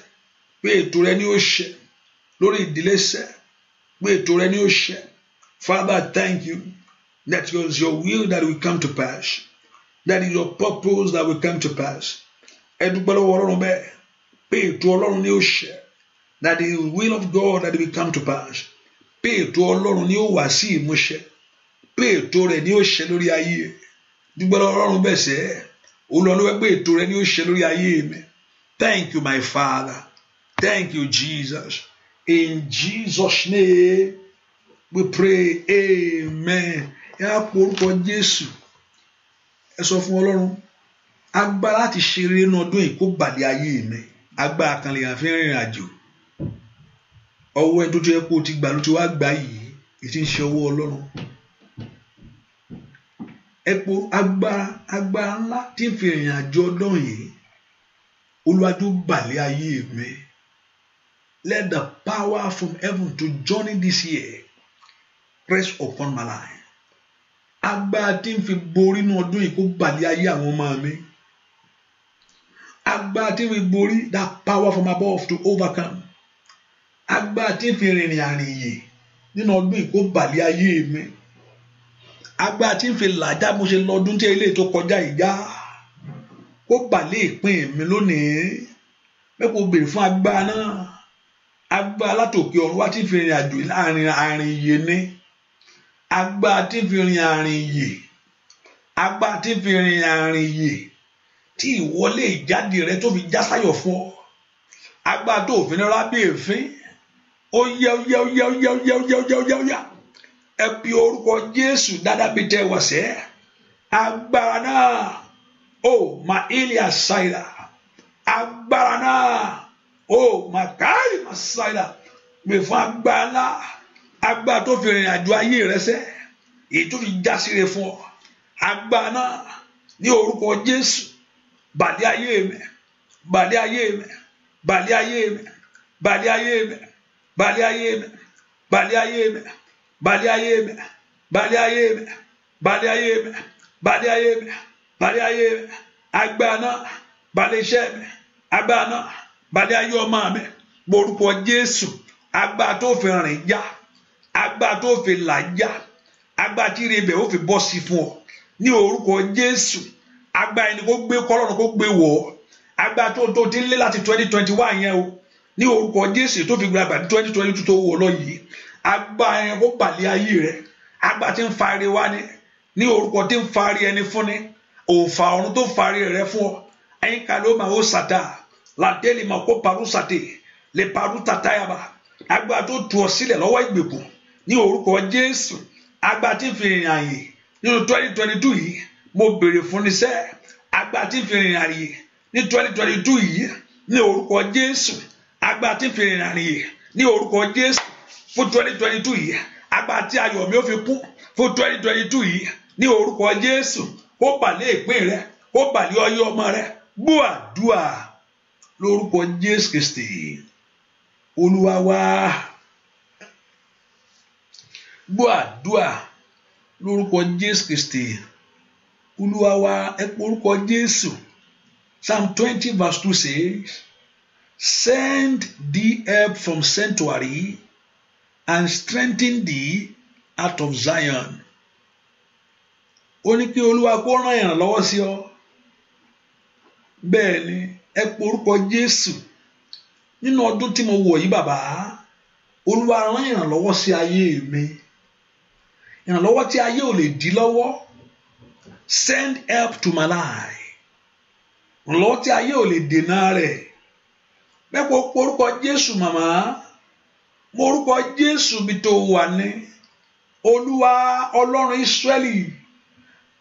pé ètò rẹ ni ó ṣẹ lórí ìdílé ṣẹ pé ètò rẹ ni ó ṣẹ Father thank you that it was your will that will come to pass that is your purpose that will come to pass ẹ lọ́wọ́ Ọlọ́run bẹ́ẹ̀ pé ètò ọlọ́run ni ó ṣẹ that the will of God that will come to pass pé ètò ọlọ́run ni ó wá sí ìmúṣẹ pé ètò rẹ̀ ni ó ṣẹ lórí ayé dúpẹ́ ọlọ́run bẹ̀ sẹ́ olùwàlúwẹ́ pé ètò rẹ̀ ni ó ṣẹ lórí ayé mi thank you my father thank you Jesus in Jesus name we pray amen ẹ á pọ orúkọ Jésù ẹ sọ fún ọlọ́run agbára láti ṣe eré inú ọdún yìí kó bàlẹ̀ ayé mi agbára kan lèèyàn fi rìnrìn àjò ọwọ́ ẹni tó jẹ́ pé ti gbà ló ti wá gbà yìí èyí ń ṣe ọwọ́ ọlọ́run ẹ̀pọ̀ agbára agbára ńlá tí ń fi rìnrìn àjò ọlọ́run yìí olùwàjò bàlẹ́ ayé mi let the power from heaven to journey this year Press upon my life agbára tí ń fi borí inú ọdún yìí kó bàlẹ́ ayé àwọn ọmọ mi agbára tí fi borí that power from above to overcome agbára tí fi rìnrìn àrìnyè nínú ọdún ìkóbalẹ̀ ayé mi agbára tí fi làjá mo ṣe lọ́dún tí ilé tó kọjá ìjà kó balẹ̀ ìpín mi lónìí mẹ́kọ̀ọ́ béèrè fún agbára náà agbára látòkè ọ̀run wá tí fi rìn àjò àrìn àrìnyè ni agbára tí fi rìn àrìnyè agbára tí fi rìn àrìnyè tí ìwọlé ìjáde rẹ tó fi já sáyọ̀ fún ọ agbádó òfin rárá bí èéfín ó yá ó yá ó yá ó yá ó yá ó yá ó yá ó yá ó yá ẹ pe orúkọ Jésù dáadáa bí tẹ wà sẹ agbára náà ó mà ilẹ̀ àṣàyà agbára náà ó mà káàlì mà ṣàyà pè fún agbára náà agbára tó fi rìnrìn àjò ayé rẹ sẹ èyí tó fi já sí rẹ fún ọ agbára náà ní orúkọ Jésù balẹ̀ ayé mi balẹ̀ ayé mi balẹ̀ ayé mi balẹ̀ ayé mi balẹ̀ ayé mi balẹ̀ ayé mi balẹ̀ ayé mi balẹ̀ ayé mi balẹ̀ ayé mi balẹ̀ ayé mi balẹ̀ ayé mi agbára náà balẹ̀ mi agbára náà ayé ọmọ mi borúkọ Jésù agbára tó fi rìn já agbára tó fi là já agbára tí ire ibẹ̀ ó fi bọ́ sí fún ọ ní orúkọ Jésù agbára ẹni kó gbé kọ́lọ́run kó gbé wọ̀ ọ́ agbára tó tó ti ń lé láti twenty twenty one yẹn o ní orúkọ Jésù tó fi gbàgbà ní twenty twenty two tó wọ̀ lọ yìí agbára yẹn kó pàlẹ́ ayé rẹ agbára tí ń fari wá ní ní orúkọ tí ń fari ẹni fún ni òòfà ọ̀run tó fari rẹ fún ọ ẹ̀yin kàlẹ́ ó máa ó sàdá làdélé máa kó parú sàdé lè parú tàtáyàbá agbára tó tu ọ sílẹ̀ lọ́wọ́ ìgbèkùn ní orúkọ Jésù agbára tí fi ìrìn àyè nínú twenty twenty two yìí mo béèrè fún níṣẹ́ agbára tí ń fi rìnrìn àrìyè ní twenty twenty two yìí ní orúkọ Jésù agbára tí ń fi rìnrìn àrìyè ní orúkọ Jésù fún twenty twenty two yìí agbára tí ayọ̀ mi ò fi kún fún twenty twenty two yìí ní orúkọ Jésù ó bàlẹ́ ìpín rẹ ó bàlẹ́ ọyọ́ ọmọ rẹ gbọ́ àdúà lórúkọ Jésù Kristi Olúwa wa àdúà lórúkọ Jésù Kristi olúwa wa ẹ porúkọ jésù psalm twenty verse two says send the help from sanctuary and strengthen thee out of zion ó ní kí olúwa kó ràn ìrànlọ́wọ́ sí ọ bẹ́ẹ̀ ni ẹ porúkọ jésù nínú ọdún tí mo wọ̀ yìí bàbá olúwa rán ìrànlọ́wọ́ sí ayé mi ìrànlọ́wọ́ tí ayé ò lè dí lọ́wọ́ send help to Malai. life lọ́wọ́ tí ayé ò lè dènà rẹ̀ bẹ́ẹ̀ kó orúkọ Jésù màmá mo orúkọ Jésù bí tó wà ní Olúwa Ọlọ́run Ísírẹ́lì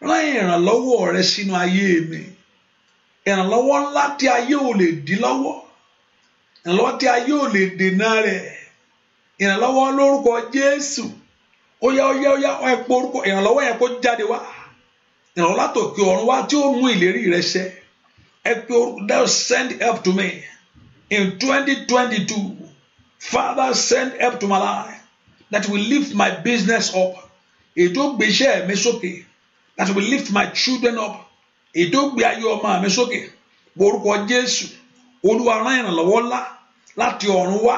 rán ìrànlọ́wọ́ rẹ sínú ayé mi ìrànlọ́wọ́ ńlá tí ayé ò lè dí lọ́wọ́ ìrànlọ́wọ́ tí ayé ò lè dènà rẹ̀ ìrànlọ́wọ́ lórúkọ Jésù ó yá ó yá ó yá ẹ pé orúkọ ìrànlọ́wọ́ yẹn kó jáde wá ìrànlọ́wọ́ látòkè ọ̀run wá tí ó mú ìlérí rẹ ṣẹ ẹ pé now send help to me in twenty twenty two father send help to my life that will lift my business up ètò gbé iṣẹ́ mi sókè that will lift my children up ètò gbé ayé ọmọ mi sókè orúkọ Jésù Olúwa rán ìrànlọ́wọ́ ńlá láti ọ̀run wá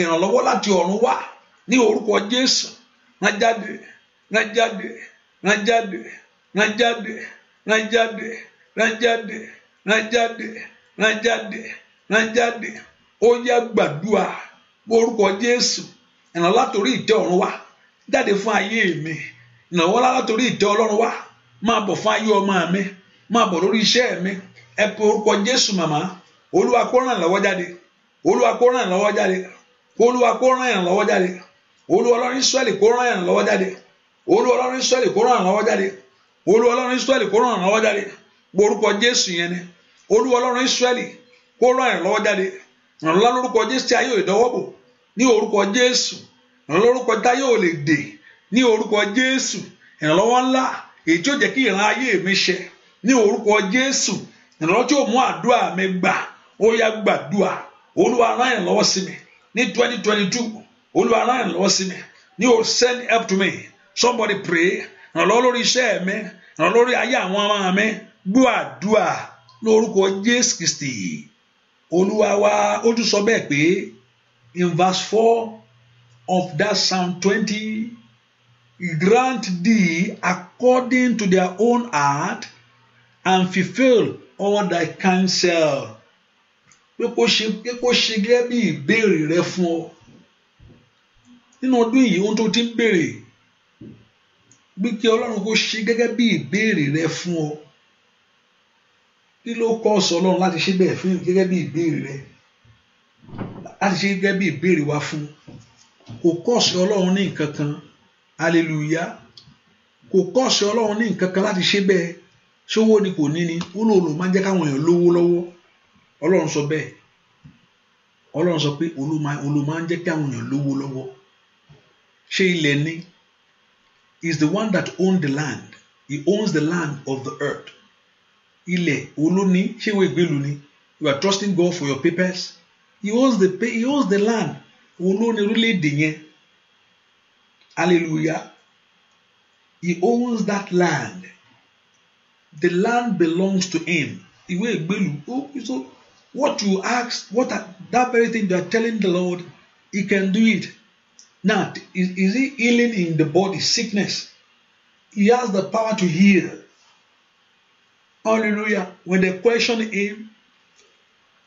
ìrànlọ́wọ́ láti ọ̀run wá ní orúkọ Jésù rán jáde rán jáde rán jáde rán jáde rán jáde rán jáde rán jáde rán jáde rán jáde ó yá gbàdúrà orúkọ Jésù ìrànlọ́wọ́ látòrí ìtẹ́ ọ̀run wá jáde fún ayé mi ìrànlọ́wọ́ látòrí ìtẹ́ Ọlọ́run wá máa bọ̀ fún ayé ọmọ mi máa bọ̀ lórí iṣẹ́ mi ẹ pe orúkọ Jésù màmá Olúwa kó ràn lọ́wọ́ jáde Olúwa kó ràn lọ́wọ́ jáde Olúwa kó ràn yàn lọ́wọ́ jáde Olúwa Ọlọ́run Ísírẹ́lì kó ràn yàn lọ́wọ́ jáde Olúwa Ọlọ́run Ísírẹ́lì kó ràn yàn lọ́wọ́ jáde olú ọlọ́run israẹli kó ràn án lọ́wọ́ jáde orúkọ jésù yẹn ni olú ọlọ́run israẹli kó ràn án lọ́wọ́ jáde ràn án lórúkọ jésù tí ayé ò dọwọ́bò ní orúkọ jésù ràn án lórúkọ táyé ò lè dè ní orúkọ jésù ìrànlọ́wọ́ ńlá èyí tí ó jẹ́ kí ìran ayé mi ṣẹ ní orúkọ jésù ìrànlọ́wọ́ tí ó mú àdúrà mi gbà ó yá gbàdúrà olúwa ràn án lọ́wọ́ sí mi ní twenty twenty two olúwa ràn án lọ́wọ́ sí mi ní o send help to me somebody pray rànlọ́wọ́ lórí iṣẹ́ mi rànlọ́wọ́ lórí ayé àwọn ọmọ mi gbọ́ àdúà lórúkọ Jésù Kristi olúwa ó tún sọ bẹ́ẹ̀ pé in verse four of that Psalm twenty grant thee according to their own heart and fulfil all thy counsel pé kó ṣe pé kó ṣe gẹ́gẹ́ bí ìbéèrè rẹ fún ọ nínú ọdún yìí ohun tó ti ń béèrè bí kí ọlọ́run kó ṣe gẹ́gẹ́ bí ìbéèrè rẹ fún ọ kí ló kọ́ sọ ọlọ́run láti ṣe bẹ́ẹ̀ fún gẹ́gẹ́ bí ìbéèrè rẹ láti ṣe gẹ́gẹ́ bí ìbéèrè wa fún kò kọ́ sọ ọlọ́run ní nǹkan kan hallelujah kò kọ́ sọ ọlọ́run ní nǹkan kan láti ṣe bẹ́ẹ̀ ṣówó ni kò ní ni máa ń jẹ́ káwọn èèyàn lówó lọ́wọ́ ọlọ́run sọ bẹ́ẹ̀ ọlọ́run sọ pé olú máa ń jẹ́ káwọn èèyàn lówó lọ́wọ́ ṣé ilẹ̀ ni is the one that owned the land. He owns the land of the earth. Ile Oluni Shewebeluni. You are trusting God for your papers. He owns the he owns the land. Oluni dinye. Hallelujah. He owns that land. The land belongs to him. Oh, so what you ask, what that very thing you are telling the Lord, he can do it. Now, is, is he healing in the body, sickness? He has the power to heal. Hallelujah. When they questioned him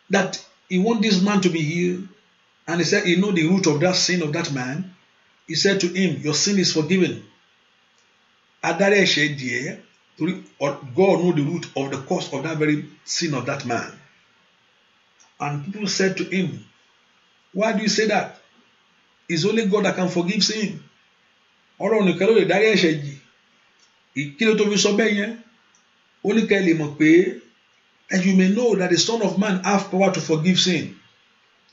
that he want this man to be healed, and he said, You know the root of that sin of that man. He said to him, Your sin is forgiven. Adare ẹ̀ṣẹ̀ díẹ̀ God know the root of the cause of that very sin of that man. And people said to him, Why do you say that? Is only God that can forgive sin ọlọ́run nìkan ló lè dárí ẹ̀ṣẹ̀ jì kí ló tó fi sọ bẹ́ẹ̀ yẹn ó ní ká ẹ lè mọ̀ pé and you may know that the son of man have power to forgive sin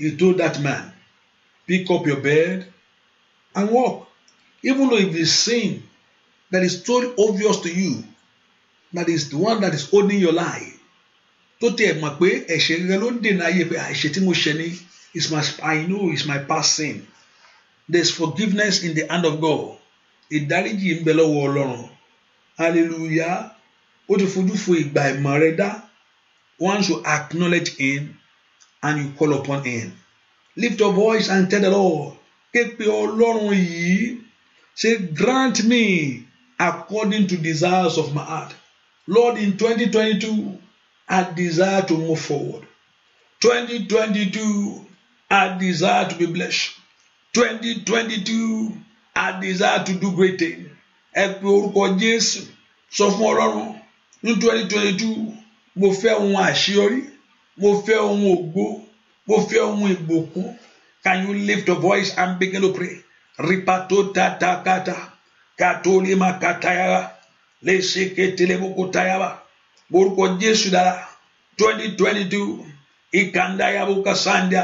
he told that man pick up your bed and walk even though it is sin that is so obvious to you that is the one that is holding your life tó tiẹ̀ mọ̀ pé ẹ̀ṣẹ̀ rẹ ló ń dènà ayé pé àìṣe tí mo ṣe ni is my I know is my past sin there's forgiveness in the hand of God ìdáríjì ń bẹ lọ́wọ́ ọlọ́run hallelujah O ti fojú fo ìgbà ìmọ̀ rẹ dá once you acknowledge him and you call upon him lift your voice and tell the Lord ké pe ọlọ́run yìí say grant me according to desires of my heart Lord in 2022 I desire to move forward 2022 I desire to be blessed 2022 I desire to do great things ẹ pe orúkọ Jésù sọ fún Ọlọ́run ní 2022 mo fẹ́ ohun àṣeyọrí mo fẹ́ ohun ògo mo fẹ́ ohun ìbùkún can you lift your voice and begin to pray ripato tatakata katolima katayara leseketelemokotayaba orúkọ Jésù dára 2022 ìkàndá yabokasandia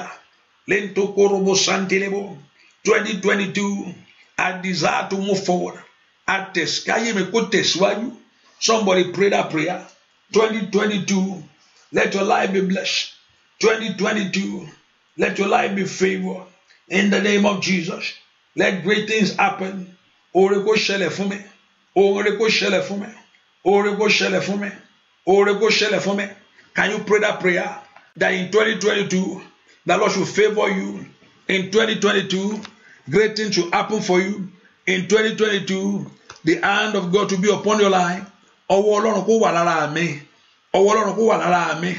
lẹ́ntokorobo santelebo. 2022, I desire to move forward. I Somebody pray that prayer. 2022, let your life be blessed. 2022, let your life be favored. In the name of Jesus, let great things happen. O ṣẹlẹ̀ fún mi. Oreko ṣẹlẹ̀ fún mi. Oreko ṣẹlẹ̀ fún fume. Oreko ṣẹlẹ̀ fún mi. Can you pray that prayer that in 2022 the Lord should favor you? In 2022, Great things will happen for you in 2022. The hand of God will be upon your life. Ọwọ́ Ọlọ́run kó wà lára mi. Ọwọ́ Ọlọ́run kó wà lára mi.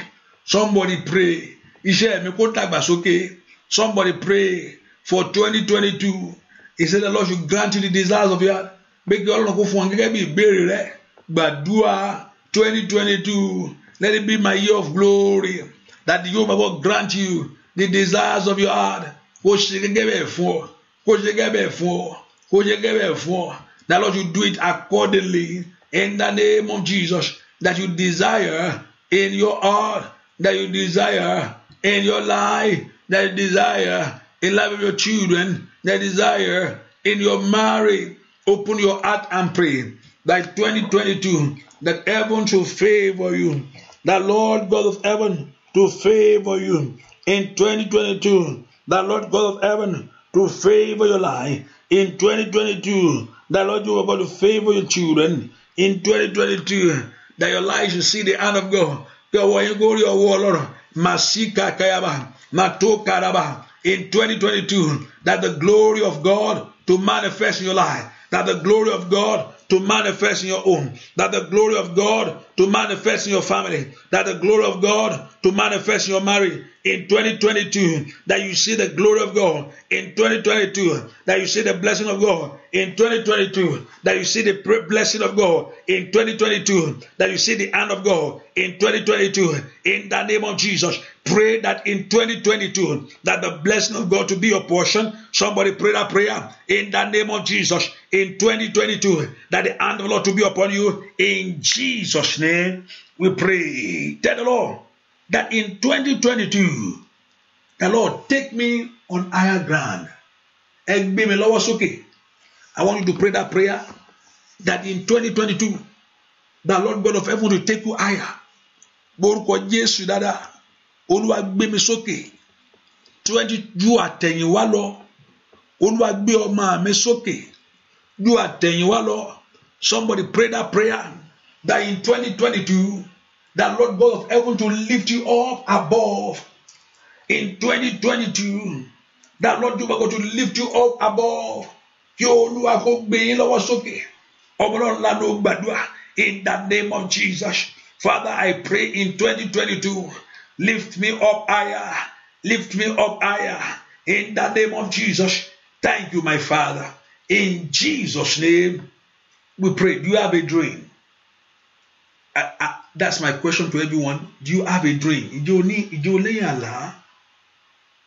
Somebody pray. Iṣẹ́ mi kó dàgbàsókè. Somebody pray for 2022. He said the Lord should grant you the desires of your heart. Pé kí Ọlọ́run kó fún ọ gẹ́gẹ́ bí ìbéèrè rẹ. Gbàdúrà 2022. Let it be my year of glory. That the Lord grant you the desires of your heart. Ó ṣe gẹ́gẹ́ bẹ́ẹ̀ fún ọ. What you get before. for? What you get That Lord, you do it accordingly in the name of Jesus. That you desire in your heart, that you desire in your life, that you desire in life of your children, that desire in your marriage. Open your heart and pray that 2022 that heaven should favor you, that Lord God of heaven to favor you in 2022, that Lord God of heaven to favor your life in 2022. That Lord, you are about to favor your children in 2022. That your life should see the hand of God. God, when you go to your war, Lord, Masika Kayaba, Mato Karaba, in 2022, that the glory of God to manifest in your life that the glory of God to manifest in your own, that the glory of God to manifest in your family, that the glory of God to manifest in your marriage in 2022, that you see the glory of God in 2022, that you see the blessing of God in 2022, that you see the blessing of God in 2022, that you see the hand of God in 2022, in the name of Jesus. Pray that in 2022, that the blessing of God to be your portion. Somebody pray that prayer in the name of Jesus in 2022 that the hand of the Lord to be upon you in Jesus' name. We pray. Tell the Lord that in 2022, the Lord take me on higher ground. I want you to pray that prayer that in 2022, the Lord God of heaven will take you higher. Borúkọ Jésù dáadáa, Olúwa gbé mi sókè, twenty ju àtẹ̀yìnwá lọ, Olúwa gbé ọmọ mi sókè. ju àtẹ̀yìnwá lọ somebody pray that prayer that in 2022 that Lord God of heaven to lift you up above in 2022 that Lord God to lift you up above kí Olúwa kó gbé yín lọ́wọ́ sókè ọmọlọ́run lánàá ó gbàdúrà in the name of Jesus Father I pray in 2022 lift me up higher lift me up higher in the name of Jesus thank you my Father. In Jesus' name, we pray. Do you have a dream? I, uh, I, uh, that's my question to everyone. Do you have a dream? Ìjọ lẹ́yìn àlá?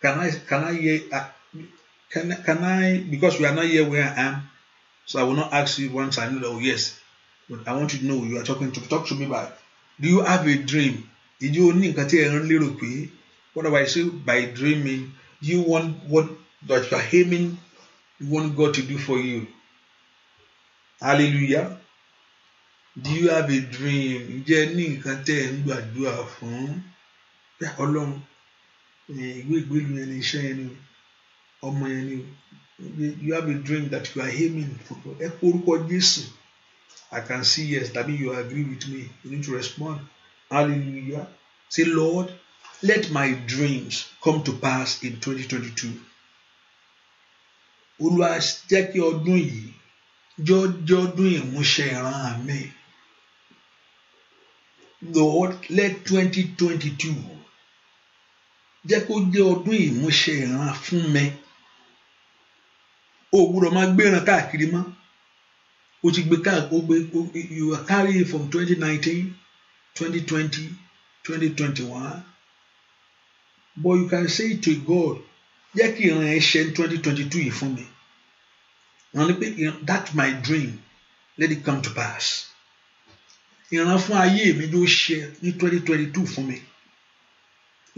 Can I, can I hear? Uh, can, can I? Because we are not here where I am, so I will not ask you once I know. that. Oh, yes. But I want you to know you are talking to talk to me by. Do you have a dream? Ìjọ ní nǹkan tí ẹ what do I say by dreaming? Do you want what that you are aiming you want God to do for you. Hallelujah. Do you have a dream? Ǹjẹ́ ní nǹkan tẹ́ ẹ̀ ń gbàdúrà fún? Ọlọ́run ìwé ìgbélu yẹn ni iṣẹ́ yẹn ni o ọmọ yẹn ni you have a dream that you are aiming for ẹ kó orúkọ Jésù I can see yes tàbí you agree with me you need to respond hallelujah say Lord let my dreams come to pass in 2022 olúwa jẹ́ kí ọdún yìí jọ́ jẹ́ ọdún ìmúṣẹ ìran mi Lord let twenty twenty two jẹ́ kó jẹ́ ọdún ìmúṣẹ ìran fún mi o gbúdọ̀ máa gbéran káàkiri mọ́ o ti gbé káàkiri o gbé you are carrying from twenty nineteen twenty twenty twenty twenty one but you can say to God jẹ́ kí ìran yẹn ṣe twenty twenty two yìí fún mi wọ́n ní pé that my dream let it come to pass ìran fún ayé mi ló ṣe ní twenty twenty two fún mi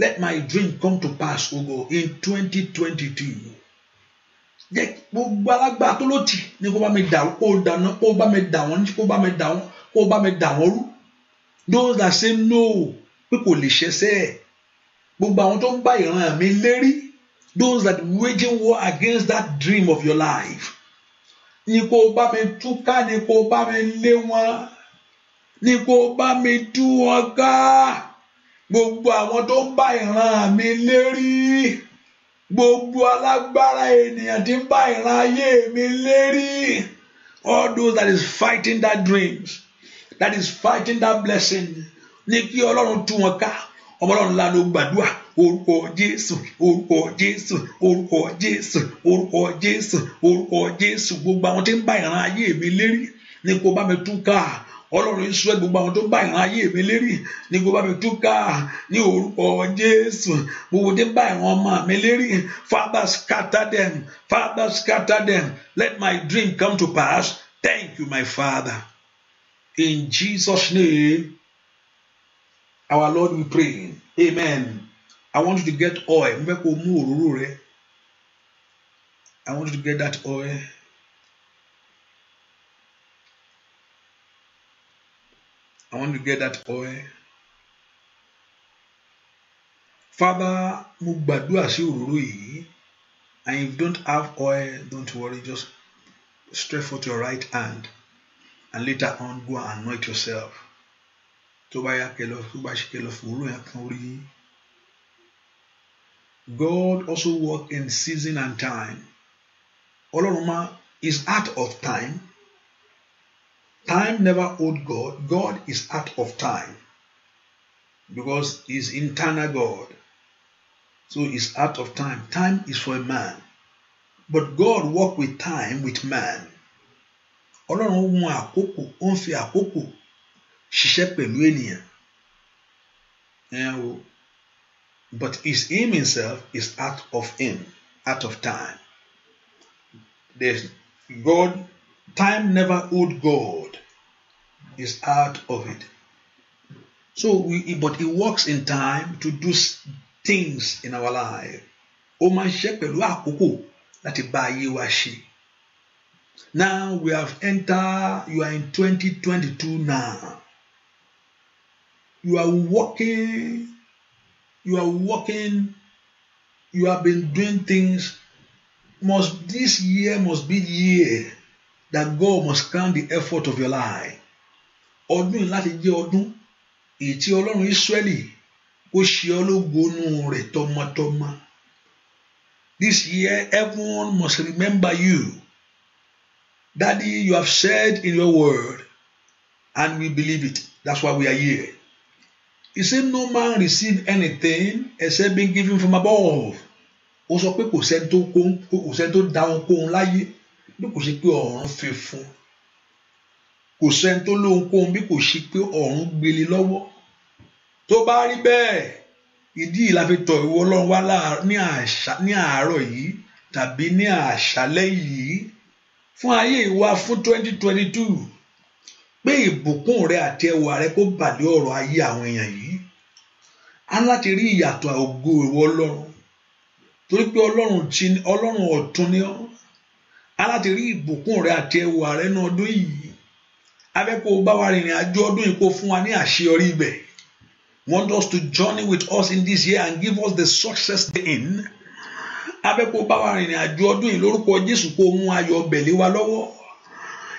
let my dream come to pass ogo in twenty twenty two jẹ́ gbogbo alágbára tó ló tì ní kó bá mi dà kó dáná kó bá mi dà wọ́n kó bá mi dà wọ́n kó bá mi dà wọ́n rú those that say no pé kò lè ṣẹṣẹ́ ẹ̀ gbogbo àwọn tó ń bá ìran mi lérí those that waging war against that dream of your life. Ní kó bá mi túká, ní kó bá mi lé wọn, ní kó bá mi tú wọn ká. Gbogbo àwọn tó ń bá ìran mi lérí. Gbogbo alágbára ènìyàn tí ń bá ìran ayé mi lérí. All those that is fighting that dreams, that is fighting that blessing, ní kí Ọlọ́run tú wọn ká ọmọlọ́run ńlá ló gbàdúrà orúkọ jésù orúkọ jésù orúkọ jésù orúkọ jésù orúkọ jésù gbogbo àwọn tí ń bá ìran ayé mi lérí ni kò bá mi tú ká ọlọ́run israẹli gbogbo àwọn tó bá ìran ayé mi lérí ní gbogbo àmì túká ní orúkọ jésù gbogbo tó bá ìran ọmọ mi lérí father scatter them father scatter them let my dream come to pass thank you my father in jesus name Our Lord, we pray. Amen. I want you to get oil. I want you to get that oil. I want you to get that oil. Father, mo gbàdúrà sí òróró yìí. And if you don't have oil, don't worry. Just stretch out your right hand. And later on, go and anoint yourself tó bá yá kẹlọ tó bá ṣe kẹlọ fòórùn yẹn kan orí yín. God also work in season and time. Ọlọ́run máa is out of time. Time never hold God. God is out of time because he is internal God. So he's out of time. Time is for a man. But God work with time with man. Ọlọ́run mú àkókò, ó ń fi àkókò ṣiṣẹ́ pẹ̀lú ènìyàn but his aim himself is out of him out of time there's God time never hold God is out of it so we but he works in time to do things in our life ó máa ṣiṣẹ́ pẹ̀lú àkókò láti bá ayé wa ṣe. Now we have entered, you are in 2022 now. you are walking you are walking you have been doing things must this year must be the year that God must count the effort of your life ọdún yìí láti jẹ́ ọdún èyí tí Ọlọ́run Ísírẹ́lì ó ṣe ọlọ́gbọ́nú rẹ̀ tọmọtọmọ this year everyone must remember you daddy you have said in your word and we believe it that's why we are here He said, No man receive anything except being given from above. Ó sọ pé kò sẹ́ni tó kóhun kò sẹ́ni tó da ohunkóhun láyé bí kò ṣe pé ọ̀run fi fún un. Kò sẹ́ni tó lóhunkóhun bí kò ṣe pé ọ̀run gbélé lọ́wọ́. Tó bá rí bẹ́ẹ̀, ìdí yìí la fi tọ̀ ìwọ Ọlọ́run wá ní àárọ̀ yìí tàbí ní àṣálẹ́ yìí fún ayé ìwà fún twenty twenty two pé ìbùkún rẹ àti ẹwà rẹ kó bàlẹ́ ọ̀rọ̀ ayé àwọn èèyàn yìí á láti rí ìyàtọ̀ ògo ìwọ ọlọ́run torí pé ọlọ́run ọ̀tún ni ọ́ á láti rí ìbùkún rẹ àti ẹwà rẹ ní ọdún yìí abẹ́ kó rìnrìn àjò ọdún yìí kó fún wa ní àṣeyọrí ibẹ̀ want us to journey with us in this year and give us the success therein abẹ́ kó rìnrìn àjò ọdún yìí lórúkọ Jésù kó mú ayọ̀ ọbẹ̀ wa lọ́wọ́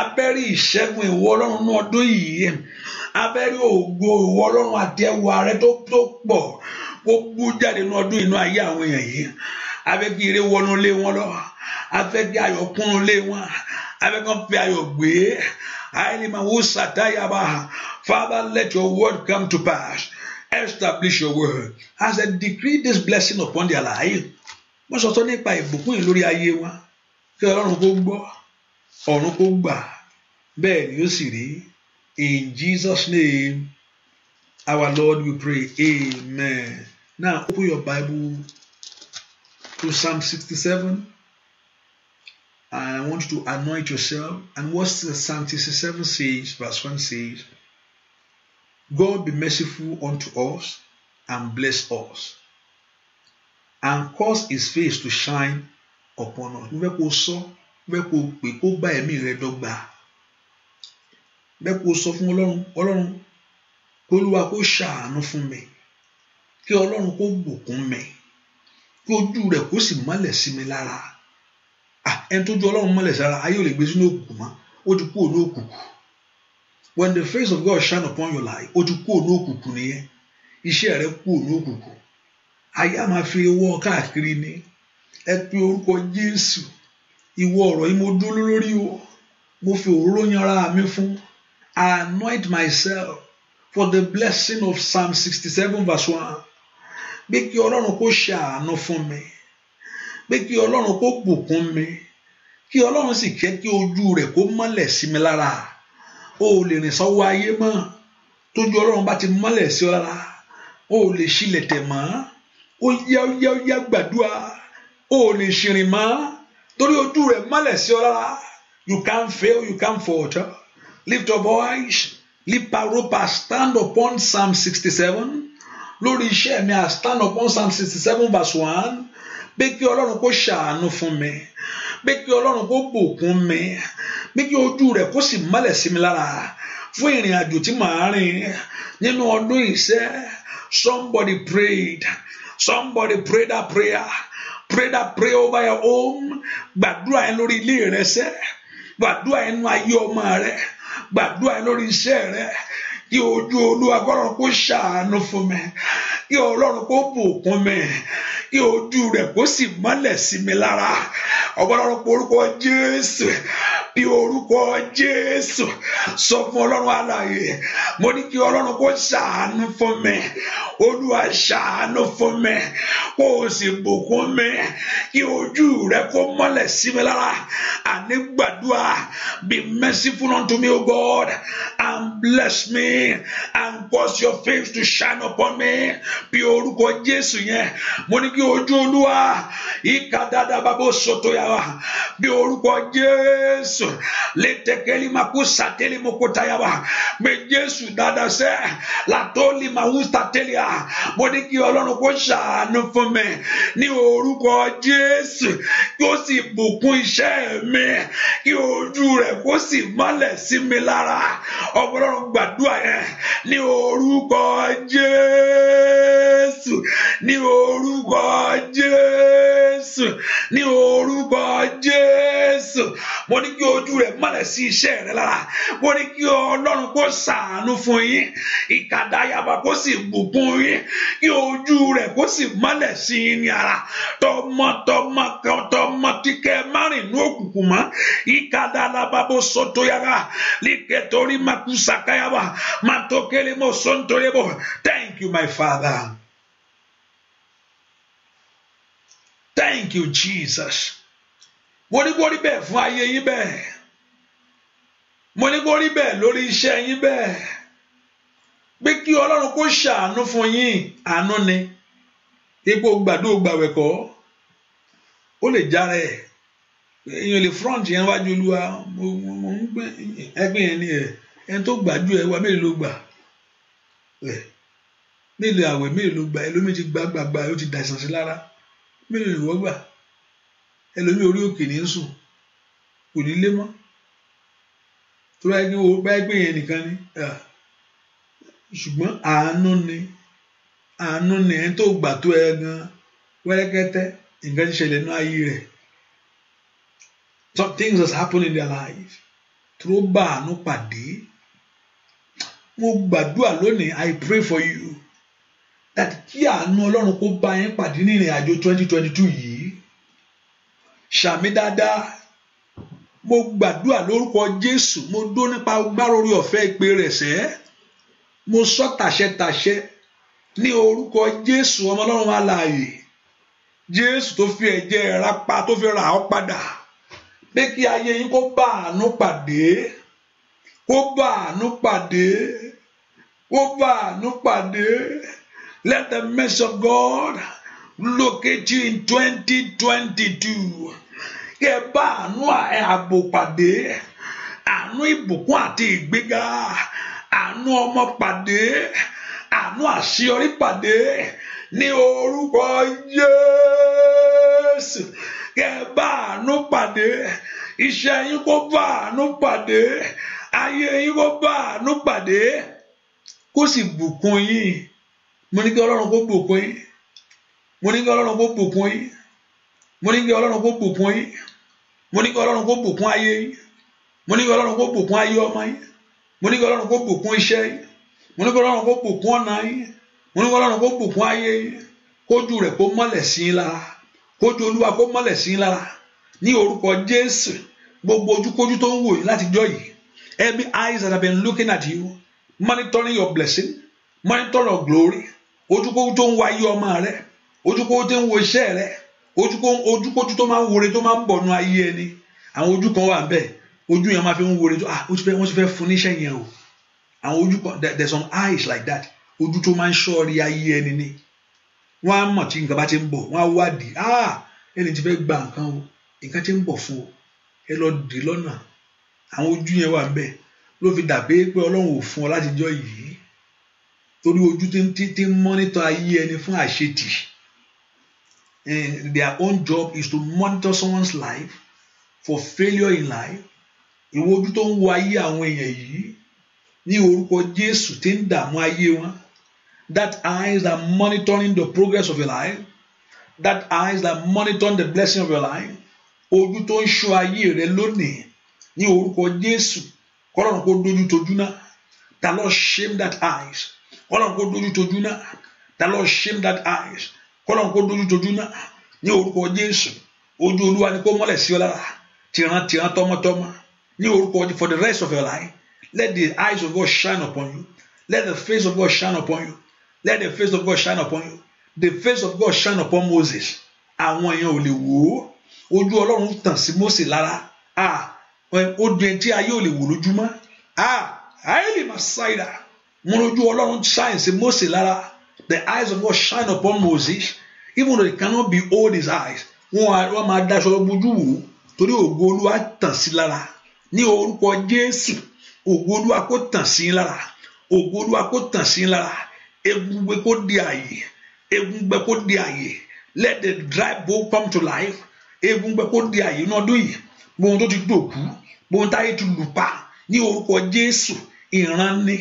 abẹ́rí ìṣẹ́gun ìwọ ọlọ́run ní ọdún yìí abẹ́rí ògo ìwọ ọlọ́run àti ẹwà rẹ tó pọ̀ kó bú jáde ní ọdún inú ayé àwọn èèyàn yìí abẹ́ kí ire wọnú lé wọn lọ afẹ́ kí ayọ̀ kúnnú lé wọn abẹ́ kan fi ayọ̀ gbé àìlèmọ̀ wò sàtáyàbá Father let your word come to pass establish your word as I decree this blessing upon their life wọ́n sọ sọ nípa ìbùkún yìí lórí ayé wọn kí ọlọ́run kó gbọ́ ọ̀run kò gbà bẹ́ẹ̀ ni ó sì rí in Jesus name our Lord we pray amen now open your Bible to Psalm 67. I want you to anoint yourself and what Psalm 67 seven says verse one says God be merciful unto us and bless us and cause his face to shine upon us. Mo So fẹ́ kó pè kó bá ẹ̀mí rẹ dọ́gba fẹ́ kó sọ fún ọlọ́run ọlọ́run kí olúwa kó ṣàánú fún mi kí ọlọ́run kó bùkún mi kí ojú rẹ̀ kó sì mọ́lẹ̀ sí mi lára ẹni tó ju ọlọ́run mọ́lẹ̀ sára ayé ò lè gbé sínú òkùnkùn mọ́ ó ti kúrò ní òkùnkùn when the face of God shine upon your life ó ti kúrò ní òkùnkùn nìyẹn iṣẹ́ rẹ kúrò ní òkùnkùn ayé á máa fi wọ́ káàkiri ni ẹ pe orúkọ Jésù ìwọ ọ̀rọ̀ yìí mo dúró lórí o mo fi òróró yanra mi fún I anoint myself for the blessing of Psalm sixty-seven verse one pé kí Ọlọ́run kó ṣe àánú fún mi pé kí Ọlọ́run kó bùkún mi kí Ọlọ́run sì kẹ́ kí ojú rẹ̀ kó mọ́lẹ̀ sí mi lára o ò lè rìn sọ́wọ́ ayé mọ́ tójú Ọlọ́run bá ti mọ́lẹ̀ sí ọ lára o ò lè ṣílẹ̀ tẹ̀ mọ́ ó yá ó yá ó yá gbàdúrà o lè ṣìrìn mọ́ torí ojú rẹ̀ mọ́lẹ̀ sí ọ lára you can fail you can falter lift your voice lift lipa ropa stand upon psalm sixty seven lórí iṣẹ́ mi i stand upon psalm sixty seven verse one pé kí ọlọ́run kó ṣàánú fún mi pé kí ọlọ́run kó bùkún mi pé kí ojú rẹ̀ kó sì mọ́lẹ̀ sí mi lára fún ìrìn àjò tí màá rìn nínú ọdún ìṣẹ́ somebody prayed somebody prayed that prayer pray that pray over your home gbàdúrà ẹ lórí ilé rẹ sẹ gbàdúrà ẹnu ayé ọmọ rẹ gbàdúrà ẹ lórí iṣẹ́ rẹ kí ojú olúwa kọ́lọ́run kó ṣàánú fún mi kí ọlọ́run kó bùkún mi kí ojú rẹ̀ kó sì mọ́lẹ̀ sí mi lára ọgbọ́n ọlọ́run kó orúkọ Jésù ní orúkọ Jésù sọ fún Ọlọ́run alààyè mo ní kí Ọlọ́run kó ṣàánú fún mi Olúwa ṣàánú fún mi kó o sì bùkún mi kí ojú rẹ kó mọ́lẹ̀ sí mi lára àní gbàdúrà be merciful unto me o God and bless me and cause your face to shine upon me bí orúkọ Jésù yẹn mo ní kí ojú Olúwa ìka dáadáa bàbá òṣòtò yàrá bí orúkọ Jésù. Yesu letekeli makusa teli mokotayaba mẹ Jésù dáadáa sẹ́ látọ́lì màwùsà tẹ́lẹ̀ à mo ní kí kó ṣàánú fún mi ní orúkọ Jésù kí ó sì bùkún iṣẹ́ mi kí ojú rẹ̀ kó sì mọ́lẹ̀ sí mi lára ọmọ gbàdúrà yẹn ní orúkọ Jésù ní orúkọ Jésù ní orúkọ Jésù mo ojú rẹ̀ mọ́lẹ̀ sí iṣẹ́ rẹ̀ lára mo ní kí ọlọ́run kó ṣàánú fún yín ìkàdáyàbá kó sì bùkún yín kí ojú rẹ̀ kó sì mọ́lẹ̀ sí yín ní ara tọmọtọmọ kan tọmọ tí òkùnkùn mọ́ ìkàdálàbà bó so yára líkẹ torí mákú sàkáyàbá máa tó kéré mọ́ thank you my father. Thank you, Jesus mo ní kó rí bẹ́ẹ̀ fún ayé yín bẹ́ẹ̀ mo ní kó rí bẹ́ẹ̀ lórí iṣẹ́ yín bẹ́ẹ̀ pé kí ọlọ́run kó ṣàánú fún yín àánú ni ipò gbàdúrà gbàwẹ̀ kọ́ ó lè jára ẹ̀ èèyàn lè front yẹn wájú olúwa ẹgbẹ́ yẹn ni ẹ̀ ẹni tó gbàjú ẹ̀ wá mélòó ló gbà ẹ̀ mélòó àwẹ̀ mélòó ló gbà ẹ̀ lómi ti gbàgbàgbà ó ti dàìsàn lára mélòó ló wọ́ gbà ẹlòmíì orí òkè ní sùn kò ní lé mọ́ tó bá yẹ bá yẹ yẹn nìkan ni ṣùgbọ́n àánú ni àánú ni ẹni tó gbà tó ẹ gan wẹ́rẹ́kẹ́tẹ́ nǹkan ti ṣẹlẹ̀ ní ayé rẹ̀ some things has happened in their life tó bá àánú pàdé mo gbàdúrà lónìí I pray for you that kí àánú Ọlọ́run kó bá yín pàdé ní ìrìn àjò twenty yìí ṣàmì dáadáa mo gbàdúrà lórúkọ Jésù mo dó nípa agbára orí ọ̀fẹ́ ìpè rẹ̀ sẹ́ mo sọ tàṣẹtàṣẹ ní orúkọ Jésù ọmọ Ọlọ́run alààyè Jésù tó fi ẹ̀jẹ̀ rà pa tó fi rà ọ́ padà pé kí ayé yín kó bá àánú pàdé kó bá àánú pàdé kó bá àánú pàdé let the mercy of God locate you in 2022 kẹ bá àánú ààbò pàdé àánú ìbùkún àti ìgbéga àánú ọmọ pàdé àánú àṣeyọrí pàdé ní orúkọ Jésù kẹ bá àánú pàdé iṣẹ́ yín kó bá àánú pàdé ayé yín kó bá àánú pàdé kó sì bùkún yín mo ní kí Ọlọ́run kó bùkún yín mo ní kí ọlọ́run kó bùkún yín mo ní kí ọlọ́run kó bùkún yín mo ní kí ọlọ́run kó bùkún ayé yín mo ní kí ọlọ́run kó bùkún ayé ọmọ yín mo ní kí ọlọ́run kó bùkún iṣẹ́ yín mo ní kí ọlọ́run kó bùkún ọ̀nà yín mo ní kí ọlọ́run kó bùkún ayé yín kójú rẹ̀ kó mọ́lẹ̀ sí i lára kójú olúwa kó mọ́lẹ̀ sí i lára ní orúkọ Jésù gbogbo ojúkójú tó ń wò yín láti jọ́ yìí every eyes that have been looking at you monitoring your blessing monitoring your glory ojúkójú tó ń wá ayé ọmọ rẹ̀ ojúkó tó ń wo iṣẹ́ rẹ ojúkó ojúkójú tó máa ń wore tó máa ń bọ̀ nu ayé ẹni àwọn ojú kan wà bẹ́ẹ̀ ojú yẹn máa fi ń wore tó ah wọ́n ti fẹ́ fún níṣẹ́ yẹn o àwọn ojú kan there there's some eyes like that ojú tó máa ń ṣọ́ọ̀rì ayé ẹni ni wọ́n á mọ̀ tí nǹkan bá ti ń bọ̀ wọ́n á wádìí ah ẹni tí fẹ́ gba nǹkan o nǹkan ti ń bọ̀ fún o ẹ lọ dè lọ́nà àwọn ojú yẹn wà bẹ́ẹ̀ ló fi dàbí pé ọlọ́run ò fún ọ láti jọ yìí torí ojú ti ń mọ́nítọ̀ ayé ẹni fún àṣetì in their own job is to monitor someone's life for failure in life ìwọ ojú tó ń wo ayé àwọn èèyàn yìí ní orúkọ Jésù tí ń dààmú ayé wọn that eyes that monitoring the progress of your life that eyes that monitoring the blessing of your life ojú tó ń ṣọ́ ayé rẹ lónìí ní orúkọ Jésù kọ́lọ́run kó dojú tojú náà the Lord shame that eyes kọ́lọ́run kó dojú tojú náà the Lord shame that eyes kọ́lọ́n kó dojú jojú náà ní orúkọ Jésù ojú olúwa ni kó mọ́lẹ̀ sí ọ lára tìran tìran tọmọtọmọ ní orúkọ for the rest of your life let the eyes of God shine upon you let the face of God shine upon you let the face of God shine upon you the face of God shine upon Moses àwọn èèyàn ò lè wò ó ojú Ọlọ́run tàn sí Mose lára ó dùn ẹtí ayé ò lè wò lójúmọ́ ah ayé lè Ọlọ́run ṣáìsì Mose lára the eyes of God shine upon Moses even though it cannot behold his eyes wọn wọn máa daṣọ bojú wò torí ògo Olúwa tàn sí lára ní orúkọ Jésù ògo Olúwa kó tàn sí lára ògo Olúwa kó tàn sí lára egungun kó di àyè egungun kó di àyè let the dry bone come to life egungun kó di àyè inú ọdún yìí gbóhun tó ti dòkú gbóhun táyé ti lù pa ní orúkọ Jésù ìran ni